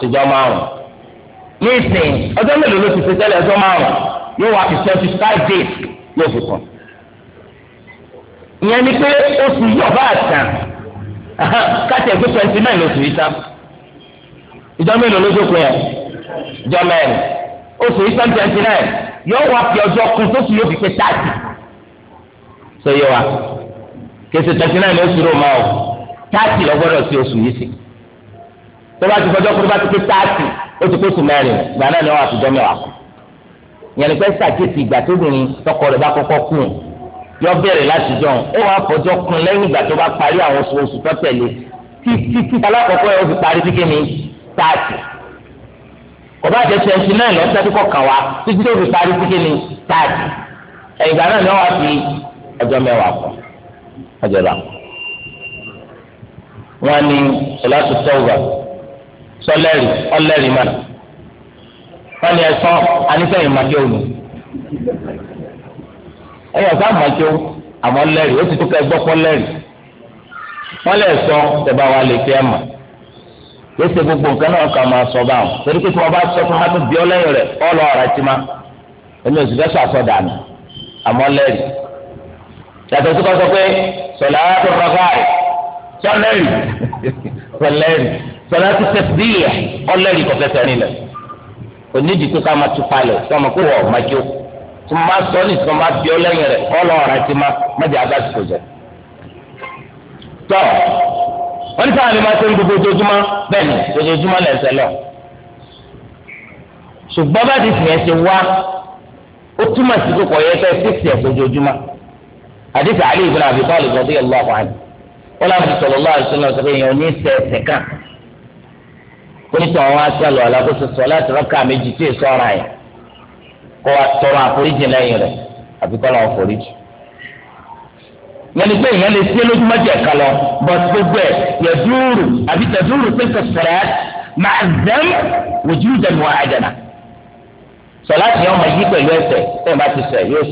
ìjọ márùn ní ìsìn ọjọ́ mélòó ló ti ṣe tẹ́lẹ̀ ọjọ́ márùn yóò wá fi twenty five days ló fi kàn ìyẹn ni pé oṣù yìí ọba àtàn káàtì ẹgbẹ́ twenty nine ló sì rí tán ìjọ mélòó ló jókòó yẹn ìjọ mẹ́rin oṣù yìí tán twenty nine yóò wá fi ọjọ́ kún tó sì yóò fi pé thirty sọ yẹ wa kèsì twenty nine ló sì rò máa o thirty lọ gbọ́dọ̀ sí oṣù yìí sí i tó bá ti fọjọ́ kúrú bá ti pé táàtì ó ti pé oṣù mẹ́rin ìgbà náà ni wọ́n àtijọ́ mẹ́wàá kù yẹn ni pé sàkíyèsí ìgbà tóbìnrin tọkọ rẹ̀ bá kọ́kọ́ kù yọ bẹ̀rẹ̀ láti jọ ó wàá fọjọ́ kún lẹ́yìn ìgbà tó bá parí àwọn oṣù oṣù tó tẹ̀lé títí títí alákọ̀ọ́kọ́ yẹn ó fi parí síkè ní táàtì kọ̀bá àti ẹsẹ̀ ẹsẹ̀ náà lọ́sẹ̀ tó kàn wá títí tó fi parí síkè ní táàtì ìgbà náà ni wọ́n á fi ọjọ́ kù ọjọ́ ìlà wọn ni ṣọlá tó sọlẹ́rì ọlẹ́rì mà wọ́n ní ẹ̀sọ́ anísẹ́yìn màkíọ́ ni ẹ̀yọ̀ sá màkíọ́ àmọ́ lẹ́rì ó ti tó ká ẹgbọ́ pọ́ lẹ́rì wọ́n lè sọ tẹ̀bá wa lè fi ẹ̀ mà yóò ṣe gbogbo nǹkan náà kà máa sọ báwọn torí pé tí wọ́n bá sọ fún wa tó bí ọ lẹ́yìn rẹ̀ ọ lọ ma èmi ò sì àsọdà mi àmọ́ lẹ́rì yàtọ̀ sí kọ́ sọ pé sọ̀lá tó bá báyìí sọ̀lẹ́rì sọ̀lẹ́rì sọláàtì tẹsíyà ọlẹ́rìí kò fẹsẹ̀ rìn lẹ̀ onídìí tó ká máa tu palẹ̀ tó máa kó wọ̀ ọ́ máa jó tó máa sọ ní tó máa bí ọlẹ́yìn rẹ̀ ọlọ́ọ̀rá ti máa mẹ́jọ abásìkò jẹ. tọ́ wọ́n ní sáà ni máa ṣe ń gbogbo ojoojúmọ́ bẹ́ẹ̀ ni ojoojúmọ́ lẹ́sẹ̀ lọ. ṣùgbọ́n bá ti tìyẹn ṣe wá ó túmọ̀ sí kòkò yẹ fẹ́ fífi ẹ̀ ojoojúmọ́ àdìsí àlè ìbùnà onítọ̀ wa sálọ alákòóso sọ láti rọ́kà méjì tí èso ọ̀ra yẹn kó wa tọrọ àforíjì lẹ́yìn rẹ̀ àfi kọ́ lọ́wọ́ foríjì. yẹnni pé ìyẹn lè ṣe lójúmọ́jẹ̀ kan lọ bọ́t gbogbo ẹ̀ yẹ̀dúrù àbí tẹ̀dúrù pé kò sọ̀rọ̀ ẹ̀ máa zẹ́m wòjú ìdẹ̀nu wa àjànà. sọ láti yẹn ọmọ yí pẹ̀lú ẹsẹ̀ tẹ̀ bá ti sẹ̀ yóò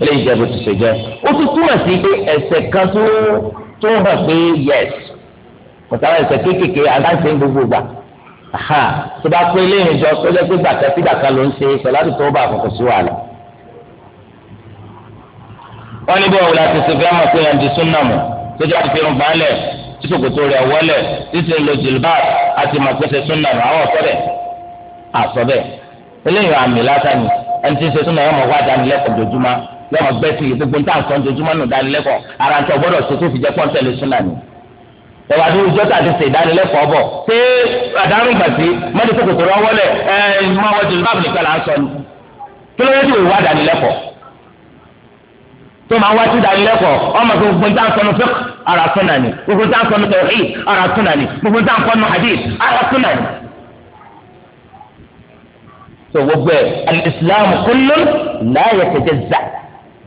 eléyìí jẹ́ bó ti ṣe jẹ́ ó tún túmọ̀ sí pé ẹ̀ṣẹ̀ kan tó tó hàn pé yẹs kòtàrà ẹ̀ṣẹ̀ kéékèèké aláǹtẹ̀ ń gbogbo gbà tó bá pé eléyìí jọ tó jẹ́ pé bàtà sí bàtà ló ń ṣe pẹ̀lú àti tó bá àkókò sí wàhálà. wọ́n ní bọ́ọ̀lù àti sèfé ọmọ pé ẹ̀ǹdì súnà mọ̀ tó jẹ́ àti fi balẹ̀ tí sòkòtò rẹ̀ wọlé títí ń lo jìlbáàbù àti mọ̀ àwọn ọ̀sọ́ lọ́wọ́ bẹ́ẹ̀ sì gbogbo níta sọ ojoojúmọ́ nù dánilẹ́kọ̀ọ́ ara tó gbọ́dọ̀ ṣe tó fi jẹ́ pọ́ńtẹ́ lè súnà ni. ẹ̀wà tó ìjọ tà ti ṣe ìdánilẹ́kọ̀ọ́ bọ̀ ṣé àdánù gbàtí mọ́tò kòkòrò ọwọ́lẹ̀ ẹ̀ mọ́ wọ́n ti báàbù nìkan là ń sọ ni. kí ló dé ìwà dánilẹ́kọ̀ọ́ tó máa wá sí ìdánilẹ́kọ̀ọ́ ọmọ tó gbogbo níta sọ ara súnà ara súnà ni gbogbo níta sọ hadith ara so gbogbo ẹ alisilamu kullun la yatajazza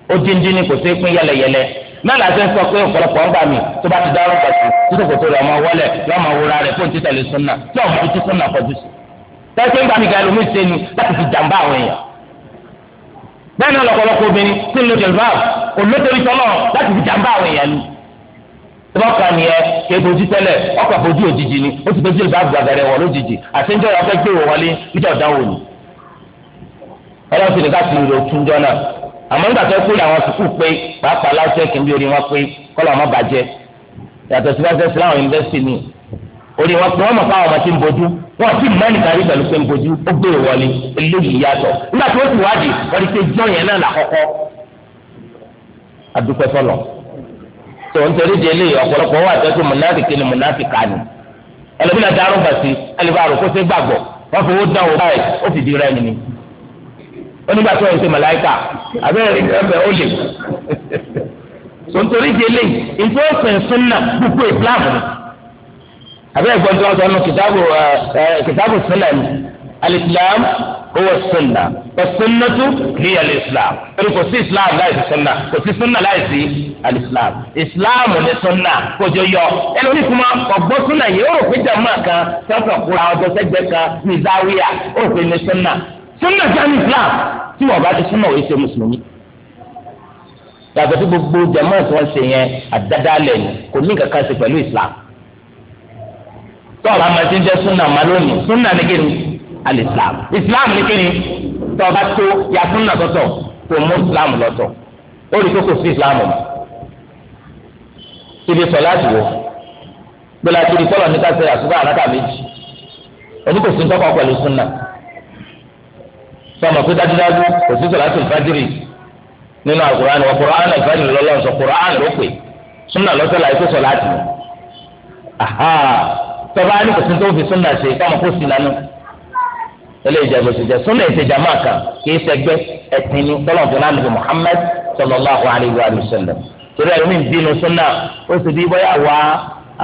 ó díndín ní kò sí pín yẹlẹyẹlẹ náà láti sọ pé ọ̀pọ̀lọpọ̀ ń gbà mí tó bá ti dá ọ̀rọ̀ sí títí kò tó rẹ̀ ọmọ wọlé lọ́mọ wúra rẹ̀ fún títẹ̀lé súnà tí ọmọ títí súnà kọjú sí. tẹ́sí ń gbà mí gàlú mi ṣe ni láti fi jàǹbá àwọn èèyàn. bẹ́ẹ̀ náà lọ́pọ̀lọpọ̀ obìnrin tí ń lo jẹ̀lúbà olódori tọ́lọ̀ láti fi jàǹbá àwọn èèyàn ni. tọ́kà ni ẹ ṣe bojú tẹ́lẹ̀ ọkọ̀ bojú òjijì ni ó ti bojú ìbá gbàgẹ̀rẹ̀ wọ̀ lójijì àtẹ́jọ́ ọ̀fẹ́ gbé wọ̀ wọlé níjọ́ ọ̀dánwò ni. ọlọ́run ti ká ti rò túnjọ́ náà àmọ́ nígbà tó kú làwọn sùkúù pé pàápàá láwùjọ kì í bí orí wọn pé kọ́lá wọn bàjẹ́ yàtọ̀ sí wáṣẹ́ sí láwọn yunifásitì ni orí wọn pé wọ́n mọ̀ fáwọn ọmọ tí ń bojú wọ́n ti mọ ẹnìkan rí pẹ̀lú pé ń bojú ó gbèrò wọlé eléyìí yàtọ̀ nígbà tó ti wádìí wọ́n ti ṣe jọ́ yẹn náà lákọ́kọ́ adúpẹ́ fọlọ́ tó ń torí de eléyìí ọ̀pọ̀lọpọ̀ wà tẹ́tù mùnáfìkì ni mùnáfìkà ni ẹlòmínà dárúbà sí ẹlòmínà àròkó sí gbàgbọ́ wọ́n fi owó dán owó báyìí ó fi di rẹ́ni ni onígbà tó ń ṣe màláìkà abẹ́rẹ́ rẹ̀ ẹ̀fẹ̀ ó lè sọ̀tòrí di eléyìí ìfẹ́ òfin sunna gbogbo islam ni abẹ́rẹ́ gbọ́dọ̀ wọn sọ̀rọ̀ kìtàbù kìtàbù sunna ni alìsílám owó sunna ọ̀sunnatu ní alìsílám torí kò sí islam láì sí sunna kò sí sunna láì sí alìsílám islam ni sunna kójó yọ ẹni orí kuma ọ̀gbọ́ sunna yìí ó rò pé jàmbá kan sọ́kàn kúra ọjọ́ sẹ́gbẹ́ kan ní záwíyà ó rò pé ní sunna sunna jẹ́ ní islam tí wọ́n bá ti sunna òye ṣe mùsùlùmí. yàtọ̀ sí gbogbo jama tí wọ́n ṣe yẹn àdádálẹ̀ ni kò ní kankan ṣe pẹ̀lú islam. tọ́ọ̀bù àmọ́ ti ń jẹ́ sunna àmọ́ sunna ni kíni al-islam islam ni kíni tọ́ọ̀ bá ya sunna tọ̀tọ̀ kò mú islam lọ́tọ̀ ó rí kókò sí islam mọ́. ibi sọ̀lá ti wọ̀ gbọ́dọ̀ àti ìdí sọ̀rọ̀ ní ká ṣe àtúbà àràkà méjì oníkòsí ń tọ́kọ̀ pẹ̀lú sunna sọmọ pé dájúdájú kò sí sọláàtì ìfájìrì nínú àkùrán wọn kùrán ìfájìrì lọ́lọ́run sọ kùrán ló pè súnà lọ́sọ̀lá ikú sọláàtì ni. tọ́ba ní kò sí tó fi súnà ṣe sọmọ kó sí lánàá ilé ìjẹ̀bù ìṣèjẹ súnà ìṣèjà máa kàn kì í ṣẹgbẹ́ ẹ̀sìn ní tọ́lọ̀fẹ́ lánàá Muhammad sallallahu alayhi sallam torí ẹ̀rọ mi bínú súnà ó sì bí bọ́yá wá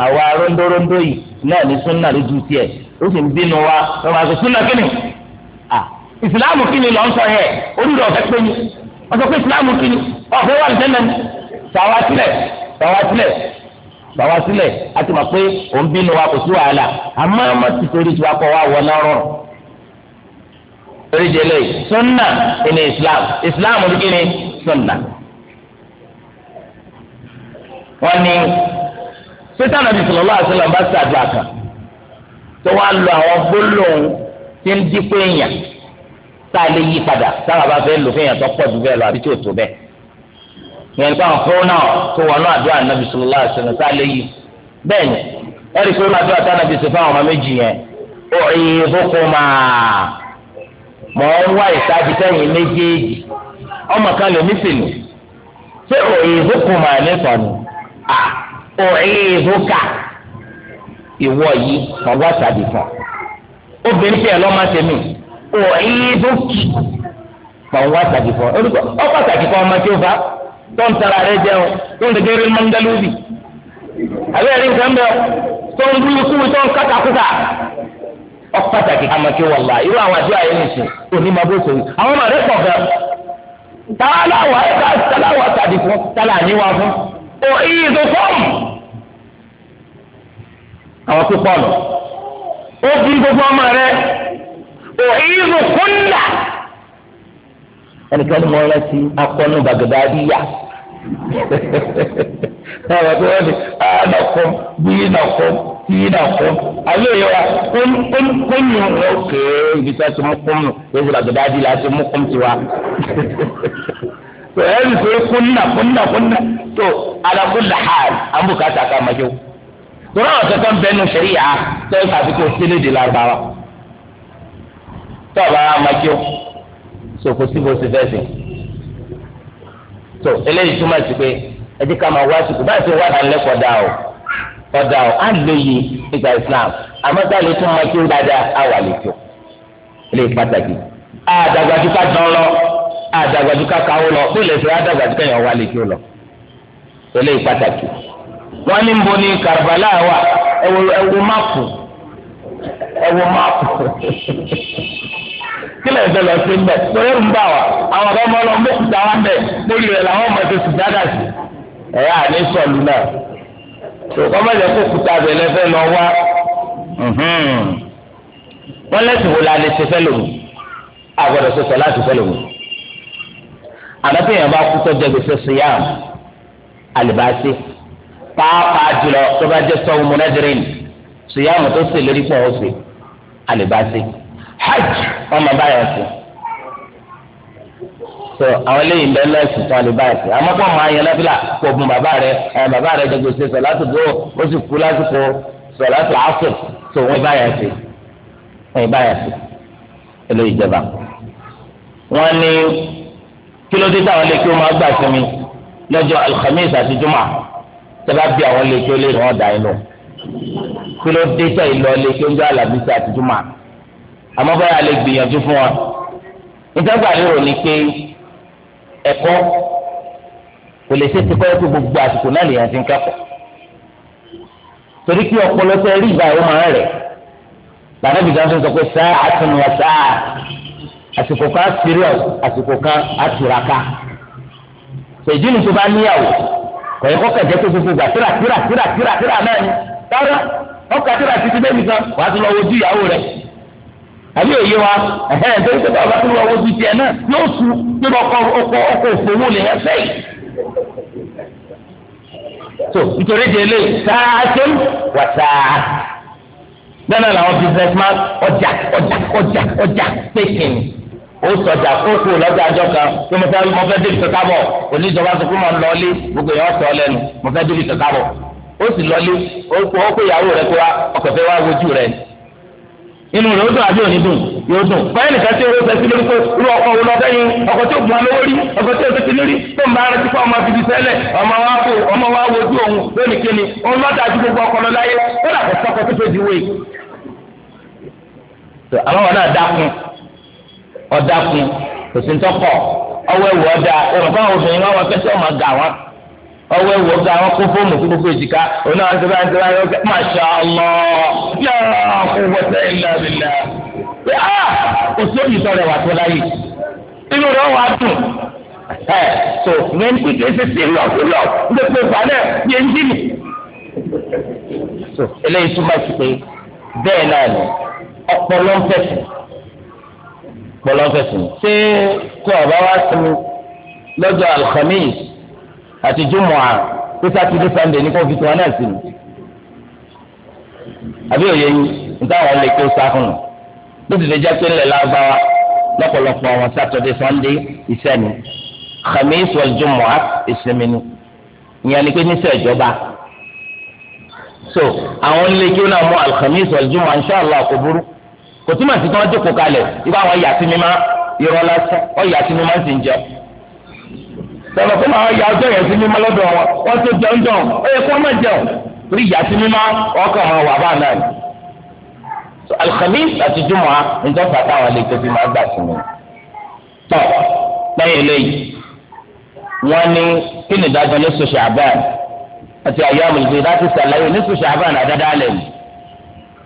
àwa rondórondó yìí náà ní súnà lójú tiẹ̀ ó sì ń bínú wa ìsìláàmù kini ni lọ ń sọ yẹ olùdó ọ̀fẹ́ pé ní wọ́n sọ pé ìsìláàmù kí ni ọ̀fẹ́ wà lùtẹ́ lẹ́nu tàwa sílẹ̀ tàwa sílẹ̀ tàwa sílẹ̀ a pé òun bínú wa kò sí wàhálà àmọ́ àmọ́ ti torí tiwa kọ́ wa wọ náà rọrùn torí jẹlẹ sunna ẹni islam islam ní kí sunna wọ́n ní sẹ́tàn àbí sọlọ́lá àṣẹlẹ̀ bá ṣàdúrà kan tó wá lọ àwọn gbólóhùn tí ń dípé èèyàn tá a lè yí padà táwọn bá fẹ́ lò fún èèyàn tó pọ̀ jù bẹ́ẹ̀ lọ àbí tí ò tó bẹ́ẹ̀. ìyẹn nípa òfin náà tó wọnú àdúrà nàbì sọlọ́lá àṣẹlẹ̀ tá a lè yí. bẹ́ẹ̀ ni ẹ rí i pé àdúrà tá nàbì sọ fáwọn ọmọ méjì yẹn ó ìyè fúnfún máa mọ̀ ọ́ wá ìsájú sẹ́yìn méjèèjì ọmọ kan lè mí sèlú ṣé òye ìfúnfún máa nìkan ni à òye ìfúnka ìwọ yìí ọgbà sàdìfọ̀ obìnrin tí ẹ lọ́ òyìnbókì pàwọn pàtàkì kan ọ pàtàkì ọmọ tí ó tó ń tara rẹ jẹun tó ń àbí ẹ̀rí nǹkan bẹ́ẹ̀ tó ń dúró kúrú tó ń ọ pàtàkì kan ọmọ tí ó wà láà irú àwọn àdúrà yẹn nìṣẹ́ òní máa bó sòrí àwọn ọmọ rẹ pọ̀ gan tàlàwà ẹ̀ka tàlàwà tàdí fún tàlà níwá fún òyìnbókì àwọn pípọ̀ nù ó fi gbogbo ọmọ òhìrù kúndà ẹnìkan ni mo rántí akọni Baghdadi yá ẹwà tó wọ́n di ànàkọ́ bíi nàkọ́ bíi nàkọ́ ayé yẹ wa kúnyù òkè ibi tí a ti mú kúnyù ebi Baghdadi la ti mú kúnyù tiwa tò ẹ nìfẹ kúnnà kúnnà kúnnà tó alakunna hàn àmúkàtà kàmájọ tó náà bẹ́ẹ̀ nù sẹ́yìn yá tẹ̀sán àti kò sílẹ̀ di lárúbáwá. tọ́ọ̀bù ara máa so o síbi o sì fẹ́ sè tó eléyìí túmọ̀ sí pé ẹdí ká máa wá sùkú báyìí tó wá náà lẹ́kọ̀ọ́ dá o ọ̀dà o á lè yí Islam àmọ́ a tún máa kí o dáadáa á wà lè tó eléyìí pàtàkì dán lọ àdàgbàjú ká káwó lọ ẹ wo máàpù kílẹ̀ ẹ̀fẹ́ lọ sí mbẹ́ lórí ń bà wá àwọn ọ̀dọ́ ọmọ ọlọ́mọ òkúta wá mbẹ́ lórí rẹ̀ làwọn ọmọ ẹ̀fẹ́ sùn dáadáa sí ẹ̀ yá ní sọ̀lù náà tó ọmọ ẹ̀fẹ́ kó kúta bẹ̀ lẹ́fẹ́ lọ wá wọ́n lẹ́sìn wo la lè ṣe fẹ́ lòun àgbọ̀dọ̀ ṣe sọ láti fẹ́ lòun àdàpé yẹn bá kú tó jẹ gbèsè síyàm àlìbáṣe pàápàá jùlọ tó bá jẹ sọ́wọ́n mọ́nẹ́dìrín sèyàmù tó sè lórí pọ̀ ọ̀sẹ̀ àlèbáṣe hajj ọmọ báyà sí so àwọn eléyìí bẹ nọọsì tán àlèbáyà sí àmọ́ pọ̀ máa yan nábìlà kó gun bàbá rẹ ẹ bàbá rẹ jẹ gbèsè sọ láti gbó ó sì kú lásìkò sọ láti àásù tó wọn báyà sí wọn báyà sí eléyìí jẹba wọn ní kílódé táwọn lè kí wọn máa gbà sí mi lọ́jọ́ alhamis àti juma tẹ bá bí àwọn lè kí ó lè rán ọ̀dà inú. kí ló dé tẹ̀ ìlọlé kí ó ń jẹ́ alábísí àti báyà lè gbìyànjú fún wa ìjọba lérò ni pé ẹ̀kọ́ kò lè ṣe ti kọ́ gbogbo àsìkò náà lè yàn ti ń kẹ́kọ̀ọ́ torí kí ọpọlọ tẹ rí ìgbà ìwọ̀n rẹ̀ sọ pé sáà sáà àsìkò kan àsìkò kan àtúraka ni tó bá níyàwó kọ̀yẹ́kọ́ kẹ̀jẹ́ tó gbà rárá ọkọ àtúrà títí bẹ́ẹ̀ nìkan wàá tún lọ wojú ìyàwó rẹ̀ àbí òye wa ẹ̀hẹ́n tó ń sọ bàbá tó lọ wojú tiẹ̀ náà yóò sùn pé ọkọ ọkọ ọkọ òfòwò lè yẹn fẹ́ yìí. tó nítorí délé sáàtìm wà sáà náà làwọn businessman ọjà ọjà ọjà ọjà pékin ó sọjà kókó lọ́jà àjọ kan tó mo fẹ́ mo fẹ́ débi kọ́kábọ̀ oníjọba sọ fún mi lọ́ọ́lé gbogbo yẹn ọ̀sọ̀ lẹ́nu mo fẹ́ débi kọ́kábọ̀. ó sì lọlé ó pé ìyàwó rẹ̀ pé ọkọ̀fẹ́ wa wojú rẹ̀ inú rẹ̀ ó dùn àbí òní dùn yóò dùn báyìí nìkan tí ó fẹ́ sí lórí pé irú ọkọ̀ wo lọ́fẹ́ yín ọkọ̀ tí ó gun alówó rí ọkọ̀ tí ó fẹ́ sí lórí tó ń bá ara tí fún ọmọ sẹ́lẹ̀ ọmọ wa kó ọmọ wa wojú òun lónìí kíni òun gbogbo ọkọ̀ lọ láyé ó sọ́kọ̀ tó di àwọn ọwọ́ ẹ̀wọ̀ ga wọn kó fóònù sí gbogbo èjìká òun náà ti báyìí ti báyìí ó kẹ́ masha allah yàrá kó wọ́tẹ́ ilẹ̀ abilẹ̀ pé á ah, kò sí òyìnbó wà tó láyé inú rẹ̀ wà dùn ẹ̀ tó wọ́n ti ké sí sílọ̀ sílọ̀ gbogbo ìpàdé yé ń dìbò. eléyìí túmọ̀ sí pé bẹ́ẹ̀ náà ni ọpọlọ ń àti jùmọ̀à pé sátidé sànńdé ní kó fi tiwọn náà sí mi. àbí òye yìí nítawọn lè kó sá fún un bó ti lè jẹ́ pé ńlẹ̀ lágbára lọ́pọ̀lọpọ̀ àwọn sátidé sànńdé iṣẹ́ ni khamis wal ìsinmi ni ìyẹn ni pé níṣẹ́ ìjọba so àwọn ilé kí ó náà mú alhamis wal jùmọ̀à inṣàlá kò burú kò túmọ̀ sí kí wọ́n jókòó kalẹ̀ ibà wọn yà sí mi má irọ́ lásán wọ́n sì ń jẹun sọ̀rọ̀ fún àwọn ìyá ọjọ́ yẹn sí mímọ́ lọ́dọ̀ wọn wọ́n tó jẹun jọun ó yẹ kó má jẹun torí ìyá sí mímọ́ ọkàn wọn wà bá náà ni. alhamis àti jùmọ̀ ǹjọ́ bàtà wọn lè tóbi máa gbà sí mi. tọ́ lẹ́yìn eléyìí wọ́n ní kí ni ìdájọ́ ní sọ̀ṣẹ̀ àbẹ́ẹ̀ àti àyà ọmọlùfẹ́ láti sàlàyé ní sọ̀ṣẹ̀ àbẹ́ẹ̀ àdáadáa lẹ̀ mí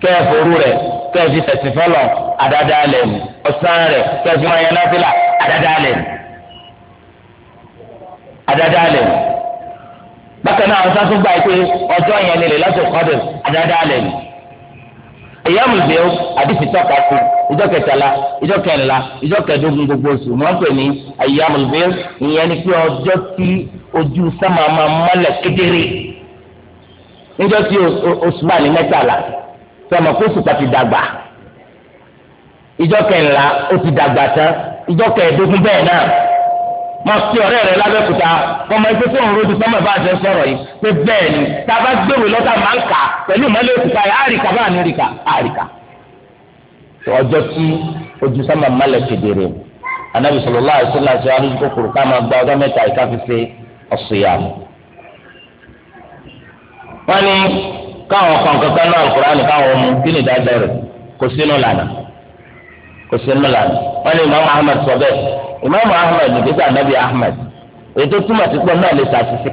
kẹ́ẹ̀fọ́rú rẹ̀ kẹ́ẹ̀fì tẹ̀sífọ́lọ̀ àdáadáa lẹ̀ mí ọ̀sán rẹ̀ kẹ́ẹ̀fì máa yẹn náà àdádálẹ̀ ni bákan náà àwọn sásún gbà pé ọjọ́ yẹn lè lè lọ́sọ̀ kọ́dọ̀ àdádálẹ̀ ni èyí àmùsẹ̀ ó àdìsí tọ́ka sí ìjọ kẹtàlá ìjọ kẹrìnlá ìjọ kẹẹ̀dógún gbogbo oṣù wọn pè ní ayé àmùsẹ̀ ìyẹn ni pé ọjọ́ tí ojú sámà máa mọ́lẹ̀ kedere níjọ́ tí oṣù máa ní mẹ́tàlá sọmọ kó sùpà ti dàgbà ìjọ kẹrìnlá ó ti dàgbà tán ìjọ kẹẹ̀dógún bẹ́ẹ̀ náà máa fi ọ̀rẹ́ rẹ lábẹ́kúta ọmọ ẹgbẹ́ tó ń rojú sọ́mọ̀ bá àjẹ sọ̀rọ̀ yìí pé bẹ́ẹ̀ ni tá a bá gbèrò lọ́tà máa ń kà pẹ̀lú ìmọ̀lẹ́ òkúta yìí àríkà bá àní ríkà àríkà. ọjọ́ tí ojú sọ́mọ̀ mọ́lẹ̀ kedere anabi sọlọ́lá àìsàn láti wá lójú kòkòrò ká máa gba ọjọ́ mẹ́ta ìka fífi ọ̀sùnyà. wọ́n ní káwọn kọ̀ọ̀kan kan náà Kùránì káwọn mú kí ni ìdájọ́ rẹ̀ kò sínú lànà kò sínú lànà wọ́n ní ìmáàmù ahmed nígbà nàbí ahmed ètò túmọ̀ sí pé náà lè ṣàṣìṣe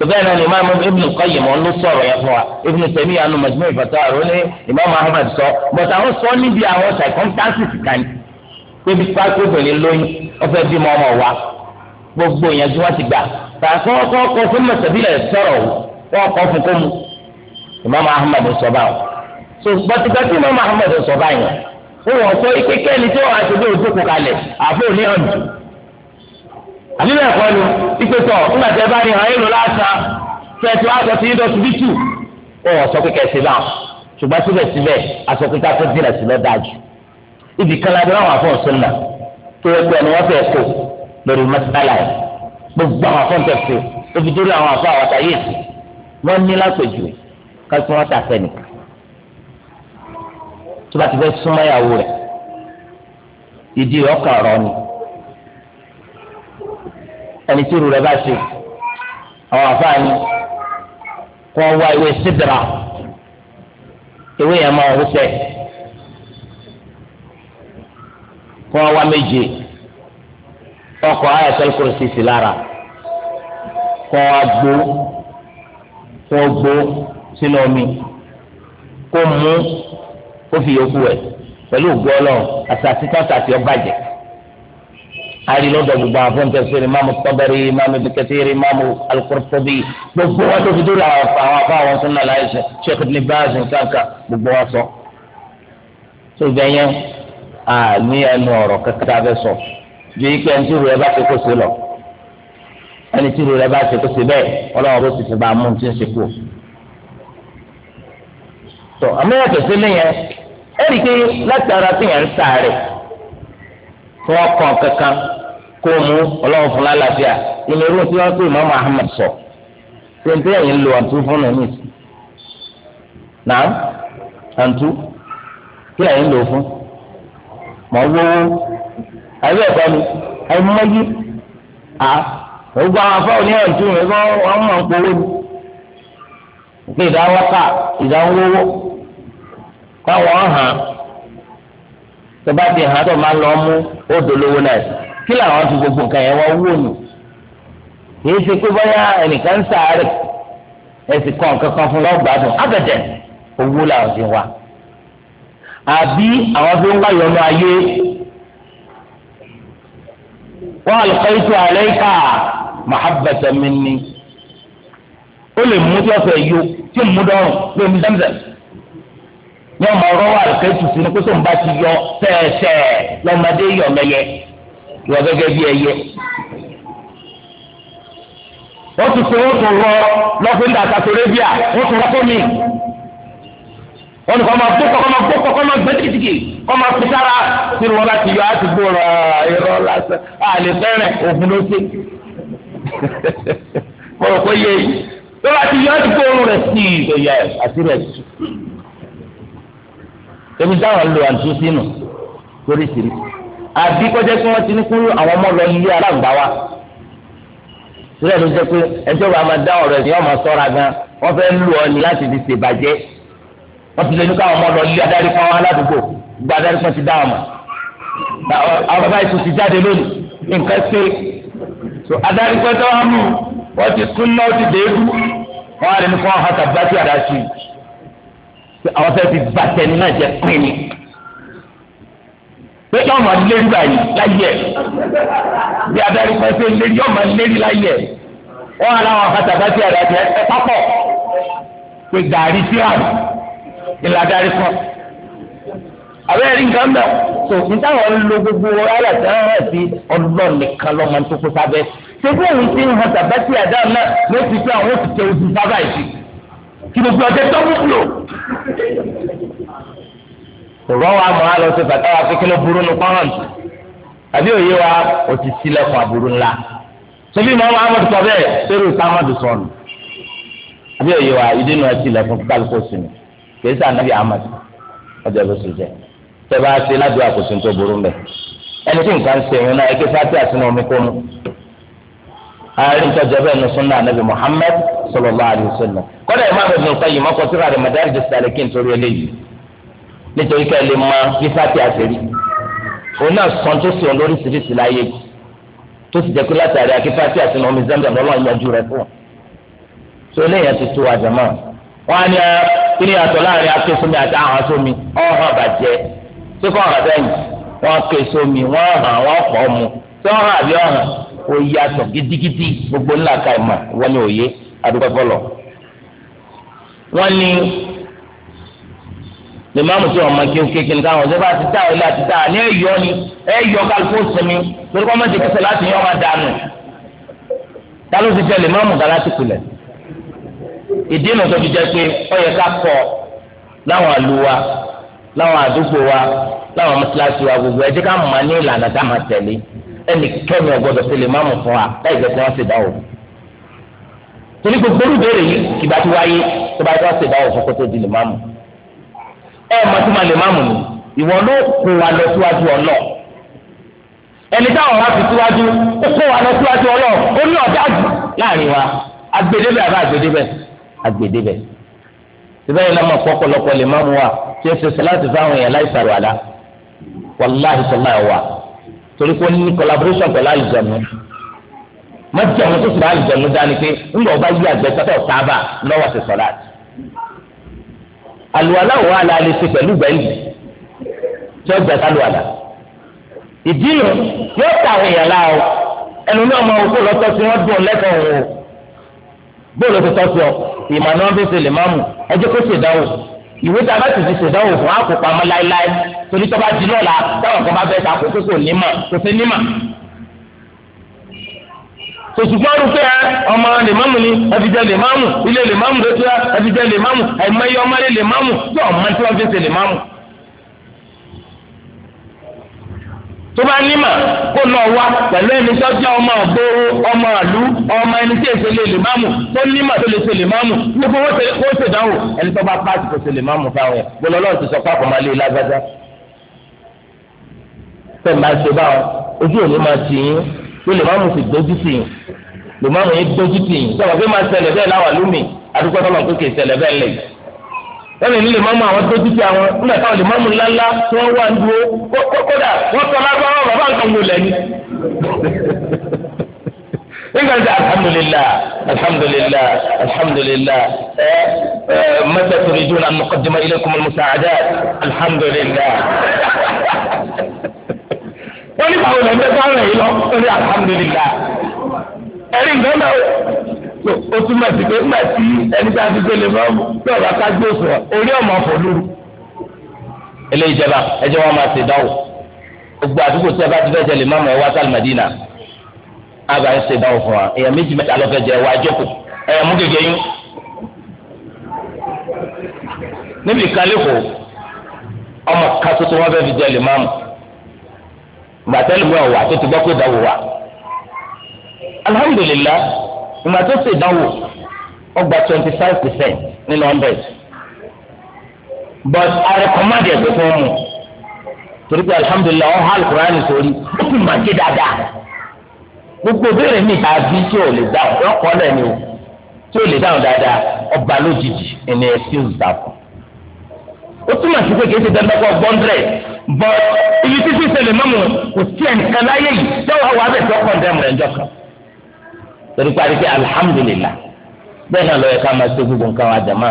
sọfẹ́ni ni ìmáàmù ibn qayyim ọ̀n ló sọ̀rọ̀ yẹn fún wa ibn sẹ́mi àánú majmu ìfọ̀tà ọ̀rọ̀ ní ìmáàmù ahmed sọ bọ̀tà ó sọ níbi àwọn circumstances kan pébi pákóbìnrin lóyún ọ̀fẹ́ bímọ ọmọ wa gbogbo yẹn tí wọ́n ti gbà tààkọ́ ọkọ̀ ọkọ̀ fún mọ̀sẹ̀bílẹ̀ sọ̀rọ̀ wọn kọ́ fún kó mu ahmed sọ báyìí ó wọ̀ sọ ike kẹ́ni tí wọ́n á ti gbé òjókòó kalẹ̀ àbó ní ọ̀nà. àbílẹ̀ ẹ̀kọ́ ni ipe tọ̀ nígbà tẹ́ bá ní àyẹ̀lò lásán tẹ̀tù aṣọ ti dọ̀ síbí tù ó wọ̀ sọ pé kẹ̀sì náà ṣùgbọ́n síbẹ̀síbẹ̀ aṣọ pé káfẹ́ dìrà sí lọ́ dájú. ibì kan lábẹ́ wọn àfọ̀ sọ́nà tó yẹ pé ẹni wọ́n fẹ́ kó lórí mọ́sálà yìí gbogbo àwọn afọ́ntẹ̀sì ó fi dúró àwọn afọ àwọn àtàyè wọ́n ní lápèjù kásán wọn tà fẹ́ nìkan tó bá ti fẹ́ súnmọ́ ìyàwó rẹ̀ ìdí ọkàn rọ ni ẹni tí irú rẹ̀ bá ṣe àwọn àfáàní kó wá ewé sídra ewé yẹn máa ń sẹ kó wá méje ọkọ̀ ayẹ̀tọ́ kùrìsì sí lára kó wá gbó kó gbó sínú omi kó mú ó fi yòókù ẹ̀ pẹ̀lú ògùn ọlọ́run àtàtì tàtàtì ọgbàjẹ́ àrílọ́dọ̀ gbogbo àwọn fún tẹ̀síìrì máàmù tọ́bẹ̀rì máàmù bìkẹ́tìrì máàmù alukọ́tọ́bì gbogbo wọn tó fi dúró àwọn afọ àwọn tó ń nà láyé sèkúrú ní báàsì nǹkankan gbogbo wọn sọ. tó ibẹ̀ yẹn a ní ẹnu ọ̀rọ̀ kẹkẹta bẹ sọ ju ike ẹni tí ìrù rẹ bá ti kó sí lọ ẹni tí ìrù rẹ bá ti kó sí bẹ́ẹ̀ ọlọ́run ló ti fi bá a mú ti ń ṣe kú. tó àmì ẹ̀rí pé látara tí yẹn ń sáré tí wọ́n kàn kankan kó mú ọlọ́run fún lálàáfíà ìní irú tí wọ́n pè mọ́ Muhammad sọ tẹ̀ǹtì ẹ̀yìn lo àǹtú fún nàní náà àǹtú kí ẹ̀yìn lò fún mọ̀ wọ́wọ́ àbẹ́ ẹ̀kọ́ mi ẹ̀yìn mọ́yí à gbogbo àwọn afáwọn ní àǹtú yẹn wọ́n mọ̀ ń powó ni ìdáwọ́ká ìdáwọ́wọ́ káwọn hàn tó bá ti hàn tó máa lọ mú ó dolówó náà kí làwọn fi gbogbo nǹkan yẹn wọ́n wò nù kìí ṣe pé bóyá ẹnìkan ń sàárẹ̀ ẹ̀sìn kan kankan fún lọ́gbàdùn abẹ̀dẹ̀ owó làwọn ti wá àbí àwọn fi ń wá yọnu ayé wọn alqaitu alayka mahabbatan minni ó lè mú tí wọ́n fẹ́ yó tí ó mú dọ́rùn lómi zamzam ní ọmọ ọ̀rọ̀ wà lókè tutù ní kótó nba ti yọ sẹẹsẹ lọmọdé yọ mẹyẹ yọ gẹ́gẹ́ bí ẹyẹ wọ́n ti sọ wọ́n tún rọ lọ́fíńdà àtàkùrẹ́bíà wọ́n tún rọ́pò mi wọ́n ní kọ́ máa gbókọ̀ kọ́ máa gbókọ̀ kọ́ máa gbé tìkìtìkì kọ́ máa fi sára tí wọ́n bá ti yọ á ti gbó rà irọ́ lásán àlè fẹ́rẹ̀ òfin ló ṣe kọ́ ọ̀pọ̀ yẹ yìí tó bá ti yọ á ti gbó rẹ̀ sí i àti rẹ̀ sí ebi táwọn lò àǹtí sínú lórí ìsìrí àbí kọjá pé wọn ti ní kúrú àwọn ọmọ lọ ilé aláǹgbá wa sílẹ̀ ló jẹ́ pé ẹjọ́ bá máa dá ọ̀rọ̀ ẹ̀sìn ọmọ sọ́ra gan wọ́n fẹ́ lù ọ ní láti fi ṣèbàjẹ́ wọ́n ti lè ní káwọn ọmọ lọ ilé adarí kan wọn aládùúgbò gba adarí kan ti dá wọn mọ̀ àwọn bàbá ètò ti jáde lónìí nǹkan ṣe adarí kan tó wà mú wọn ti kún náà ó ti dé ewu wọn á lè ní pé àwọn fẹ́ẹ́ fi bàtẹ́ni náà jẹ pín ni pé yọọ máa lérí báyìí láyé bí adarí kan ṣe lérí yọọ máa lérí láyé wọn aláwọ akatakati àdájọ ẹ pápọ pé gàrí síláàmù ìlà adarí kan àbẹ́rẹ́ nǹkan mọ̀ tó ń táwọn ń lo gbogbo aláṣẹ hàn sí ọlọ́ọ̀ nìkan lọ́mọ tó kó sábẹ́ ṣé fún òun ti ń hàn tàbátì àdáhùn náà ló ti fi àwọn òṣìṣẹ́ ojú sábà kí gbogbo ọjọ́ tó mú lò. Òrọ̀ wa mọ̀ á lọ sí fàtàwà pé kí ló burú nu pọ́nrán tù. Àbí òye wa ò ti sílẹ̀kùn àbúrú ńlá. Sọ́bí ìmọ̀ Muhammadu sọ bẹ́ẹ̀ sẹ́rù Sàmàdù sọnù. Àbí òye wa ìdí nu ẹtì lẹ̀kùn kálukó sinmi. Kìí sàn nàbí Ahmad ọjọ́ ló sì jẹ́. Tẹ́ bá ṣe ládùúgbò àkóso tó burú mẹ́. Ẹni tí nǹkan ń ṣe ìrìn náà ẹ àárín ìtọ́jú ẹbẹ̀ ní sunna anabi muhammed sallallahu alayhi wa sallam kọ́dà imam ibn al-qayyim ọkọ̀ síra rẹ̀ madarij as-salikin torí eléyìí nítorí ká lè mọ yíṣà tí a ṣe rí òun náà sọ tó sì olórí síríṣì láyé tó sì jẹ́ pé látàrí akífà tí a ti nà omi zamzam lọ́lọ́ yanjú rẹ̀ fún un tó léyìn ti tó àjàmọ́ wọn á ní ah, kí ni láàrin aké sómi àti àhán sómi ọ̀hán bàjẹ́ tó kọ́ ọ̀hán wọn ké sómi wọn hàn wọn pọ̀ mu tó àbí ọ̀hán ó yàtọ̀ gidigidi gbogbo ńlá ka ìmọ̀ wọn ni òye adúgbò fọlọ. wọ́n ní limamu tí wọn máa kí kékeré ní káwọn ṣẹba ti dá ọ ilé àti dá ní ẹyọ ni ẹyọ kálukú sinmi lórí kọ́ mọ́tì kẹsẹ̀ láti yọ máa dànù. ta ló ti jẹ limamu kan láti kulẹ̀. ìdí nu tó fi jẹ pé ó yẹ ká kọ láwọn àlù wa láwọn àdúgbò wa láwọn mọ́tíláṣí wa gbogbo ẹ jẹ́ ká mọ̀ ní ìlànà tá máa tẹ̀lé ẹnikẹ́ni ọ̀gbọ́dọ̀ ṣe lè má mú fún wa láì jẹ́ kí wọ́n ṣe dáwò. torí gbogbo olùbéèrè yìí kìbá ti wáyé tó bá yẹ kí wọ́n ṣe dáwò fún kótó di lè má mú. ẹ ẹ mọtí máa lè má mú ni ìwọ ló kó wa lọ síwájú ọlọ ẹni táwọn wa fi síwájú ó kó wa lọ síwájú ọlọ ó ní ọjà jù láàrin wa agbèdébẹ àbá agbèdébẹ agbèdébẹ síbẹ̀ yìí lọ́mọ pọ́pọ́lọpọ́ lè má mú wa tí ó ṣe sọ láti torí pé ó ní collaboration pẹ̀lú àlùjọ̀nù má jẹ́ àwọn tó sì bá àlùjọ̀nù dání pé ńgbà ọba yí àgbẹ̀sọ́tọ̀ sábà lọ́wọ́ sí sọ́lá àlùwàlá òun àlà lè ṣe pẹ̀lú bẹ́ẹ̀lì tí ó gbà sálùwàlá ìdí nù yóò ta àwọn èèyàn láàrú ẹnu náà máa wọ́pọ̀ lọ́tọ́ sí wọ́n dùn lẹ́kọ̀ọ́ òun bóòlù tó tọ́ sí ọ ìmọ̀ náà bí ṣe lè má mú ẹjẹ́ kó ṣèdáwò ìwé tá a bá sì ti ṣèdánwò fún àkópa mọ́ láéláé torí tó bá di lọ́la táwọn kan bá bẹ́ẹ̀ ta kò kókò nímọ̀ kò sí nímọ̀. òṣùpá rúfẹ́ ọmọ lè máàmù ni ẹ̀fíjẹ lè máàmù ilé lè máàmù lóṣù ẹ̀fíjẹ lè máàmù àìmọye ọmọ lè máàmù tó ọmọ tí wọ́n fi ṣe lè máàmù. tó bá nímà kó lọ wá pẹ̀lú ẹni tó jẹ́ ọmọ àgbòho ọmọ àlú ọmọ ẹni tí èso lè lè má mú tó nímà tó lè ṣe lè má mú nípa owó tẹ̀lé kó ṣe dánwò ẹni tó bá pàṣẹ kó ṣe lè má mú fáwọn ẹ̀ gbọ́dọ̀ lọ́wọ́ ti sọ pé àpò máa lé lágbájá. tó máa ṣe báwọn ojú òní máa tì yín tó lè má mú sí dójú tì yín lè má mú yín dójú tì yín sọ̀rọ̀ pé máa ṣẹlẹ̀ bẹ́ẹ̀ láwàlúmi àdúgbò ẹnì ní lè má mú àwọn dójú ti àwọn nígbà táwọn lè má mú ńláńlá tí wọ́n wà ń dúró kódà wọ́n sọ lágbára bàbá nǹkan wò lẹ́ni. nígbà tí alhamdulillah alhamdulillah alhamdulillah ẹ ẹ mẹ́ta tó rí dúró àmọ́ kọ́dìmọ́ ilé kọ́mọ́ musaada alhamdulillah. wọ́n ní báwo lẹ́nu bẹ́ẹ̀ bá rẹ̀ yìí lọ wọ́n ní alhamdulillah. ẹ̀rí nǹkan náà ó túmọ̀ sí pé nígbà tí ẹni tí a ti gbélé máa mú tí ọ̀rọ̀ akájú òṣùwọ̀n orí ọ̀mọ̀ fòlúrù. eléyìí jẹba ẹjẹ wọn máa ṣe dánwò gbogbo àdúgbò tí a bá ti fẹ́ jẹ lè má mọ̀ ẹ wá sálì màdínà a bá ń ṣe dánwò fún wa èèyàn méjì mẹ́ta lọ́fẹ́ jẹ wá jókòó ẹ̀yàn mú gègé yín. níbi ìkálẹ́kọ̀ọ́ ọmọ ká tuntun wọn fẹ́ fi jẹ lè má mọ̀ gbàtẹ́lùmọ́ wà tó ti gbọ́ pé dánwò wà. alhamdulillah ìgbà tó ṣe ìdánwò ó gba twenty five percent nínú hundred but I recommend ẹ̀ pé kó mú torí pé alihamudulilayi ọ̀hún alukurani sórí ó sì máa ké dáadáa gbogbo ìbéèrè mi ta bí tí o lè dáhùn lọ́kọ́ lẹ̀ ni o tí o lè dáhùn dáadáa ọba lójijì ẹni ẹ sí òòsà fún ó túmọ̀ sí pé kì í ṣe dandan kọ́ but ibi títí ṣẹlẹ̀ mọ́mu kò sí ẹnìkan láyé yìí tẹ́wọ́ wà á bẹ̀ tó kọ́ ndẹ́mu rẹ̀ ńjọ́ kan torí parí pé alihamudulilah bẹ́ẹ̀ náà lọ́yẹ ká máa ṣe gbogbo nǹkan wa jàmá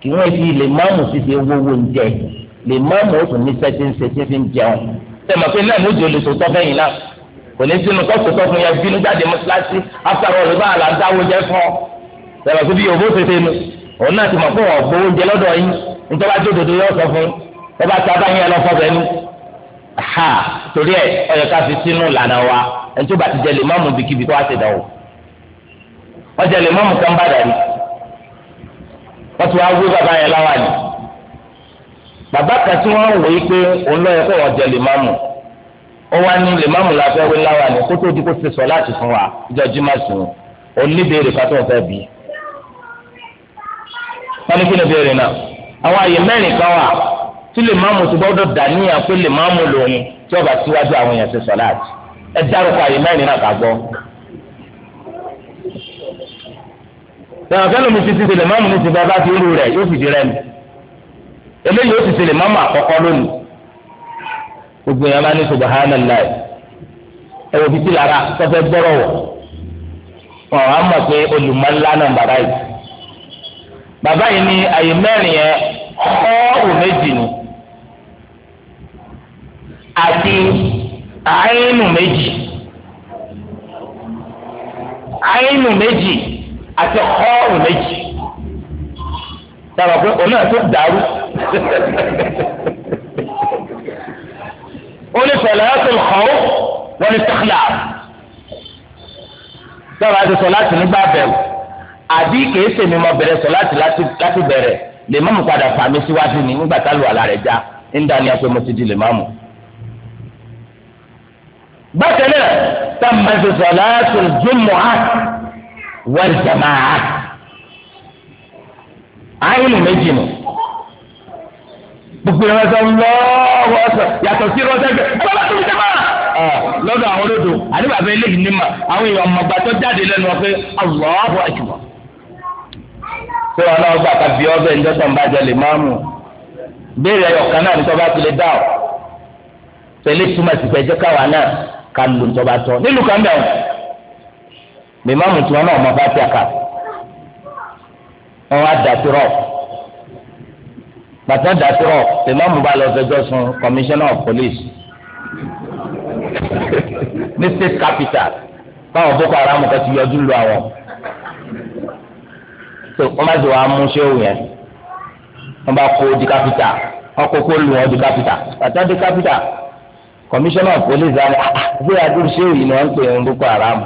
kí wọ́n fi lè máàmù fífi owó owó ń jẹ lè máàmù oṣù ní sẹ́tí ń ṣe fífi ń jẹun tẹ̀mọ̀ pé náà lójú olè sòtọ́ fẹ́yìn náà kò ní sínú kọ́ sòtọ́ fún yẹn bínú jáde mọ́ṣáláṣí afárọ̀ rẹ̀ bá àlà dáwọ́ jẹ́ fún ọ tẹ̀mọ̀ pé bí yòówó ṣe ṣe nu òun náà ti mọ̀ pé wọ́n gbowó oúnjẹ lọ́dọ̀ yín nítorí ajó òdodo yóò sọ fún ẹ bá ta báyìí ẹ lọ fọ́ bẹ́ẹ̀ ni torí ẹ ọ̀yọ̀ká fi sínú lànà wa ẹni tó bá ti jẹlẹ mọ́mù bìkíbi kó wá ti dánwò wọ́n jẹlẹ mọ́mù kan bá dàrí wọ́n ti wá wí bàbá yẹn láwa ni bàbá kan tí wọ́n wò yí pé òun lọ́yẹ kó wọ́n jẹlẹ mọ́mù ó wá ní lè mọ́mù la fẹ́ wí láwa ni kó tó di kó ti sọ láti fún wa ìjọ jimá sùn òun ní béèrè pátó ọ̀fẹ́ bí wọ́n ní kí ni béèrè náà àwọn àyè mẹ́rin kan wà tí lè mọ́mù ti gbọ́dọ̀ dà pé lè mọ́mù lòun tí ọba síwájú àwọn èèyàn ti sọ láti. ẹ dárúkọ àyè mẹ́rin náà ká gbọ́. ìrànfẹ́ lomi ti ti tẹ̀lé mọ́mù ní ti bá bá ti rú rẹ̀ yóò fi rẹ̀ mi eléyìí ó ti tẹ̀lé mọ́mù àkọ́kọ́ lónìí gbogbo yẹn bá ní subahánàlá ẹ wò bìtì lára sọfẹ gbọ́rọ̀ wọ̀ ọ̀ á mọ̀ pé olùmọ̀lá náà bàbá yìí bàbá yìí ní mẹ́rin yẹn àti. àínú méjì àínú méjì àti kọ́ọ̀rù méjì dábàá pé òun náà tó dàrú ó ní sọláàtì lọ́wọ́ wọ́n ní tẹ́kílà dábàá ti sọláàtì nígbà bẹ̀rù àbí kìí sèmi mọ bẹ̀rẹ̀ sọláàtì láti bẹ̀rẹ̀ lè má mú padà fàmí síwájú ni nígbà tá a lù àlà já ń dání ẹ pé mo ti di lè má bákan náà tá a máa ṣe sọ̀láàtù jumu'a wal jama'a àyìnbó méjì nù gbogbo ìrìn àjọ lọ́wọ́ ọ̀sẹ̀ yàtọ̀ sí ìrọ̀sẹ̀ gbé ẹ bá tó fi jẹ́ máa. lọ́dọ̀ àwọn olódò àdébàbẹ́ eléyìí ní ma àwọn èèyàn ọmọgbà tó jáde lẹ́nu ọ̀fẹ́ Allahu akbar. ṣé wọn náà gbà ká bí ọbẹ̀ ń dọ́tàn bá jẹ lè máa mú béèrè ọ̀kan náà nítorí bá ká lu ntọ́ba tọ́ nílùú kan bẹ́ẹ̀ mímọ́mù tí wọn náà mọ fati àká wọn wá dàtí rọ bàtà dàtí rọ mímọ́mù bá lọ fẹjọ́ sùn commissioner of police ní state capital báwọn boko haram kan ti yọjú lu àwọn tó wọn bá ti wàá mú sẹ́wù yẹn wọn bá kó di capital wọn kó kó lu wọn di capital bàtà di capital. kọmíṣánná pólísì àná ṣé adúlùṣe yìí ni wọ́n ń pè ní boko haram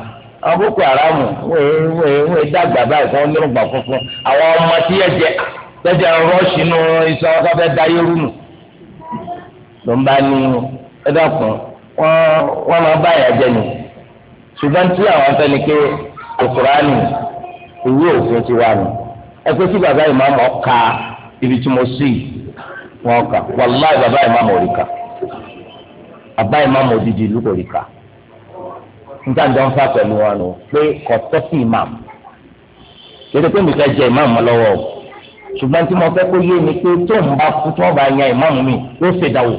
àwọn boko haram wọ́n dàgbà báyìí fún àwọn ọmọ tí yẹ jẹ tẹjẹ rọọṣì nù iṣẹ da yẹrù ló ń bá ní ẹdọkùn wọ́n máa bá yà jẹ nù ṣùgbọ́n tí àwọn afẹ́ni pé òkúránì ìwé òfin ibi tí mo sì wọn kà bàbá bàbá ìmáàmù odidi ìlú kò rí ka níta ń dán fà pẹ̀lú wọn nù pé kò tọ́ ìmáàmù kéde pé mi fẹ́ jẹ ìmáàmù lọ́wọ́ o ṣùgbọ́n tí mo fẹ́ kó yé mi pé tó ń bá kú tí wọ́n bá yan ìmáàmù mi yóò ṣe dáwò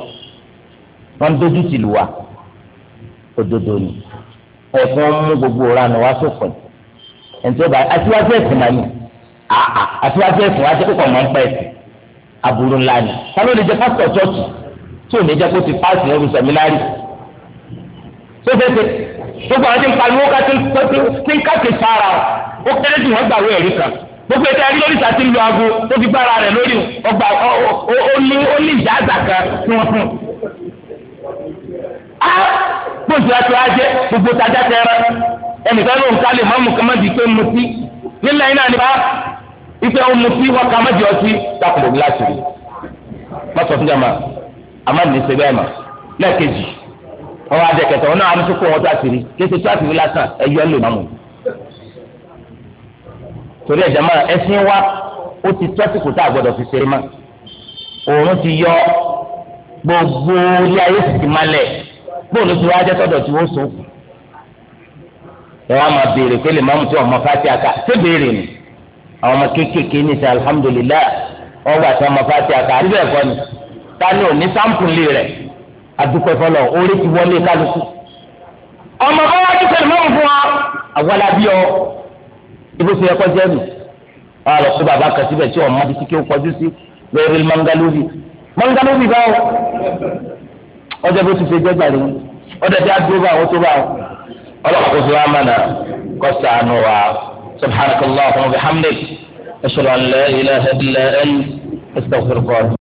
wọ́n dojú tìlú wa òdodo ni ẹ̀fọn mú gbogbo ìranù wá sópin ẹ̀ńtí ó bá aṣíwájú ẹ̀sìn náà ni àà aṣíwájú ẹ̀sìn wájú púpọ̀ máa ń pẹ́ ẹ̀sìn aburú ńlá ni ta ló lè jẹ pásítọ̀ ṣọ́ọ̀ṣì tí o ní jẹ́ kó ti páàsì ẹrù sẹ̀mílárì tó fẹsẹ̀ gbogbo àwọn tí ń pariwo ká tí ń káàkiri sára ó kéré jù wọ́n gbàwé ẹ̀rí kan gbogbo ẹ̀ka ẹ̀rí lórí sàtì lu aago tó fi gbára rẹ̀ lórí ọgbà ó ní ìyá àgbà kan tí wọ́n fún gbòòsì àti ajẹ gbogbo tajà tẹrẹ ẹnìkan ló ń kálí mọ́mú kàmájì pé mutí nílẹ̀ iná nípa ìfẹ́ òmùtí wọn kàmájì ọtí dákùlù gíláàsì rí mọ́tò fún jàmbá amadi ṣe bẹ́ẹ̀ ma lẹ́ẹ̀kejì wọn wá jẹ kẹtọ wọn náà wọn tó kó wọn tó àtìrí kéṣe tó àtìrí lásán ẹyọ lè má mú torí ẹ̀jẹ̀ máa ẹ̀sìn wa ó ti tó àsìkò tá a gbọ́dọ̀ fi ṣeré ma òun ti yọ gbogbo ilé ayé sì ti má lẹ̀ bóòlù tí wọ́n á jẹ́ tọ́dọ̀ tí wọ́n sọ kù ẹ wá máa béèrè pé lè má mú tí ọmọ fati aka ṣé béèrè ni àwọn ọmọ kéékèèké ní sẹ ọgbà tí ọmọ fati aka àdúgbò ẹ̀kọ́ ni tani òní sáǹpùlì rẹ̀ àdúpẹ́ fọlọ́ orí ti wọlé kálukú. ọmọ bá wá ní sẹ́ni mọ́ fún wa àwọn abí ọ ibùsùn ẹ̀kọ́ jẹ́ mi. wọ́n á lọ sí bàbá kan síbẹ̀ tí wọ́n máa di sí kí ó kọjú sí lórí mangalubi mangalubi báwo ọjọ́ bó ti fi jẹ́ gbàlẹ́ wọn ọjọ́ tí a dúró bá wọn tó bá wọn. ọlọ́kùnrin kò fi wá mọ̀nà kó wa subhanahu wa ta'ala wa bihamdik. ashhadu an la ilaha illa anta astaghfiruka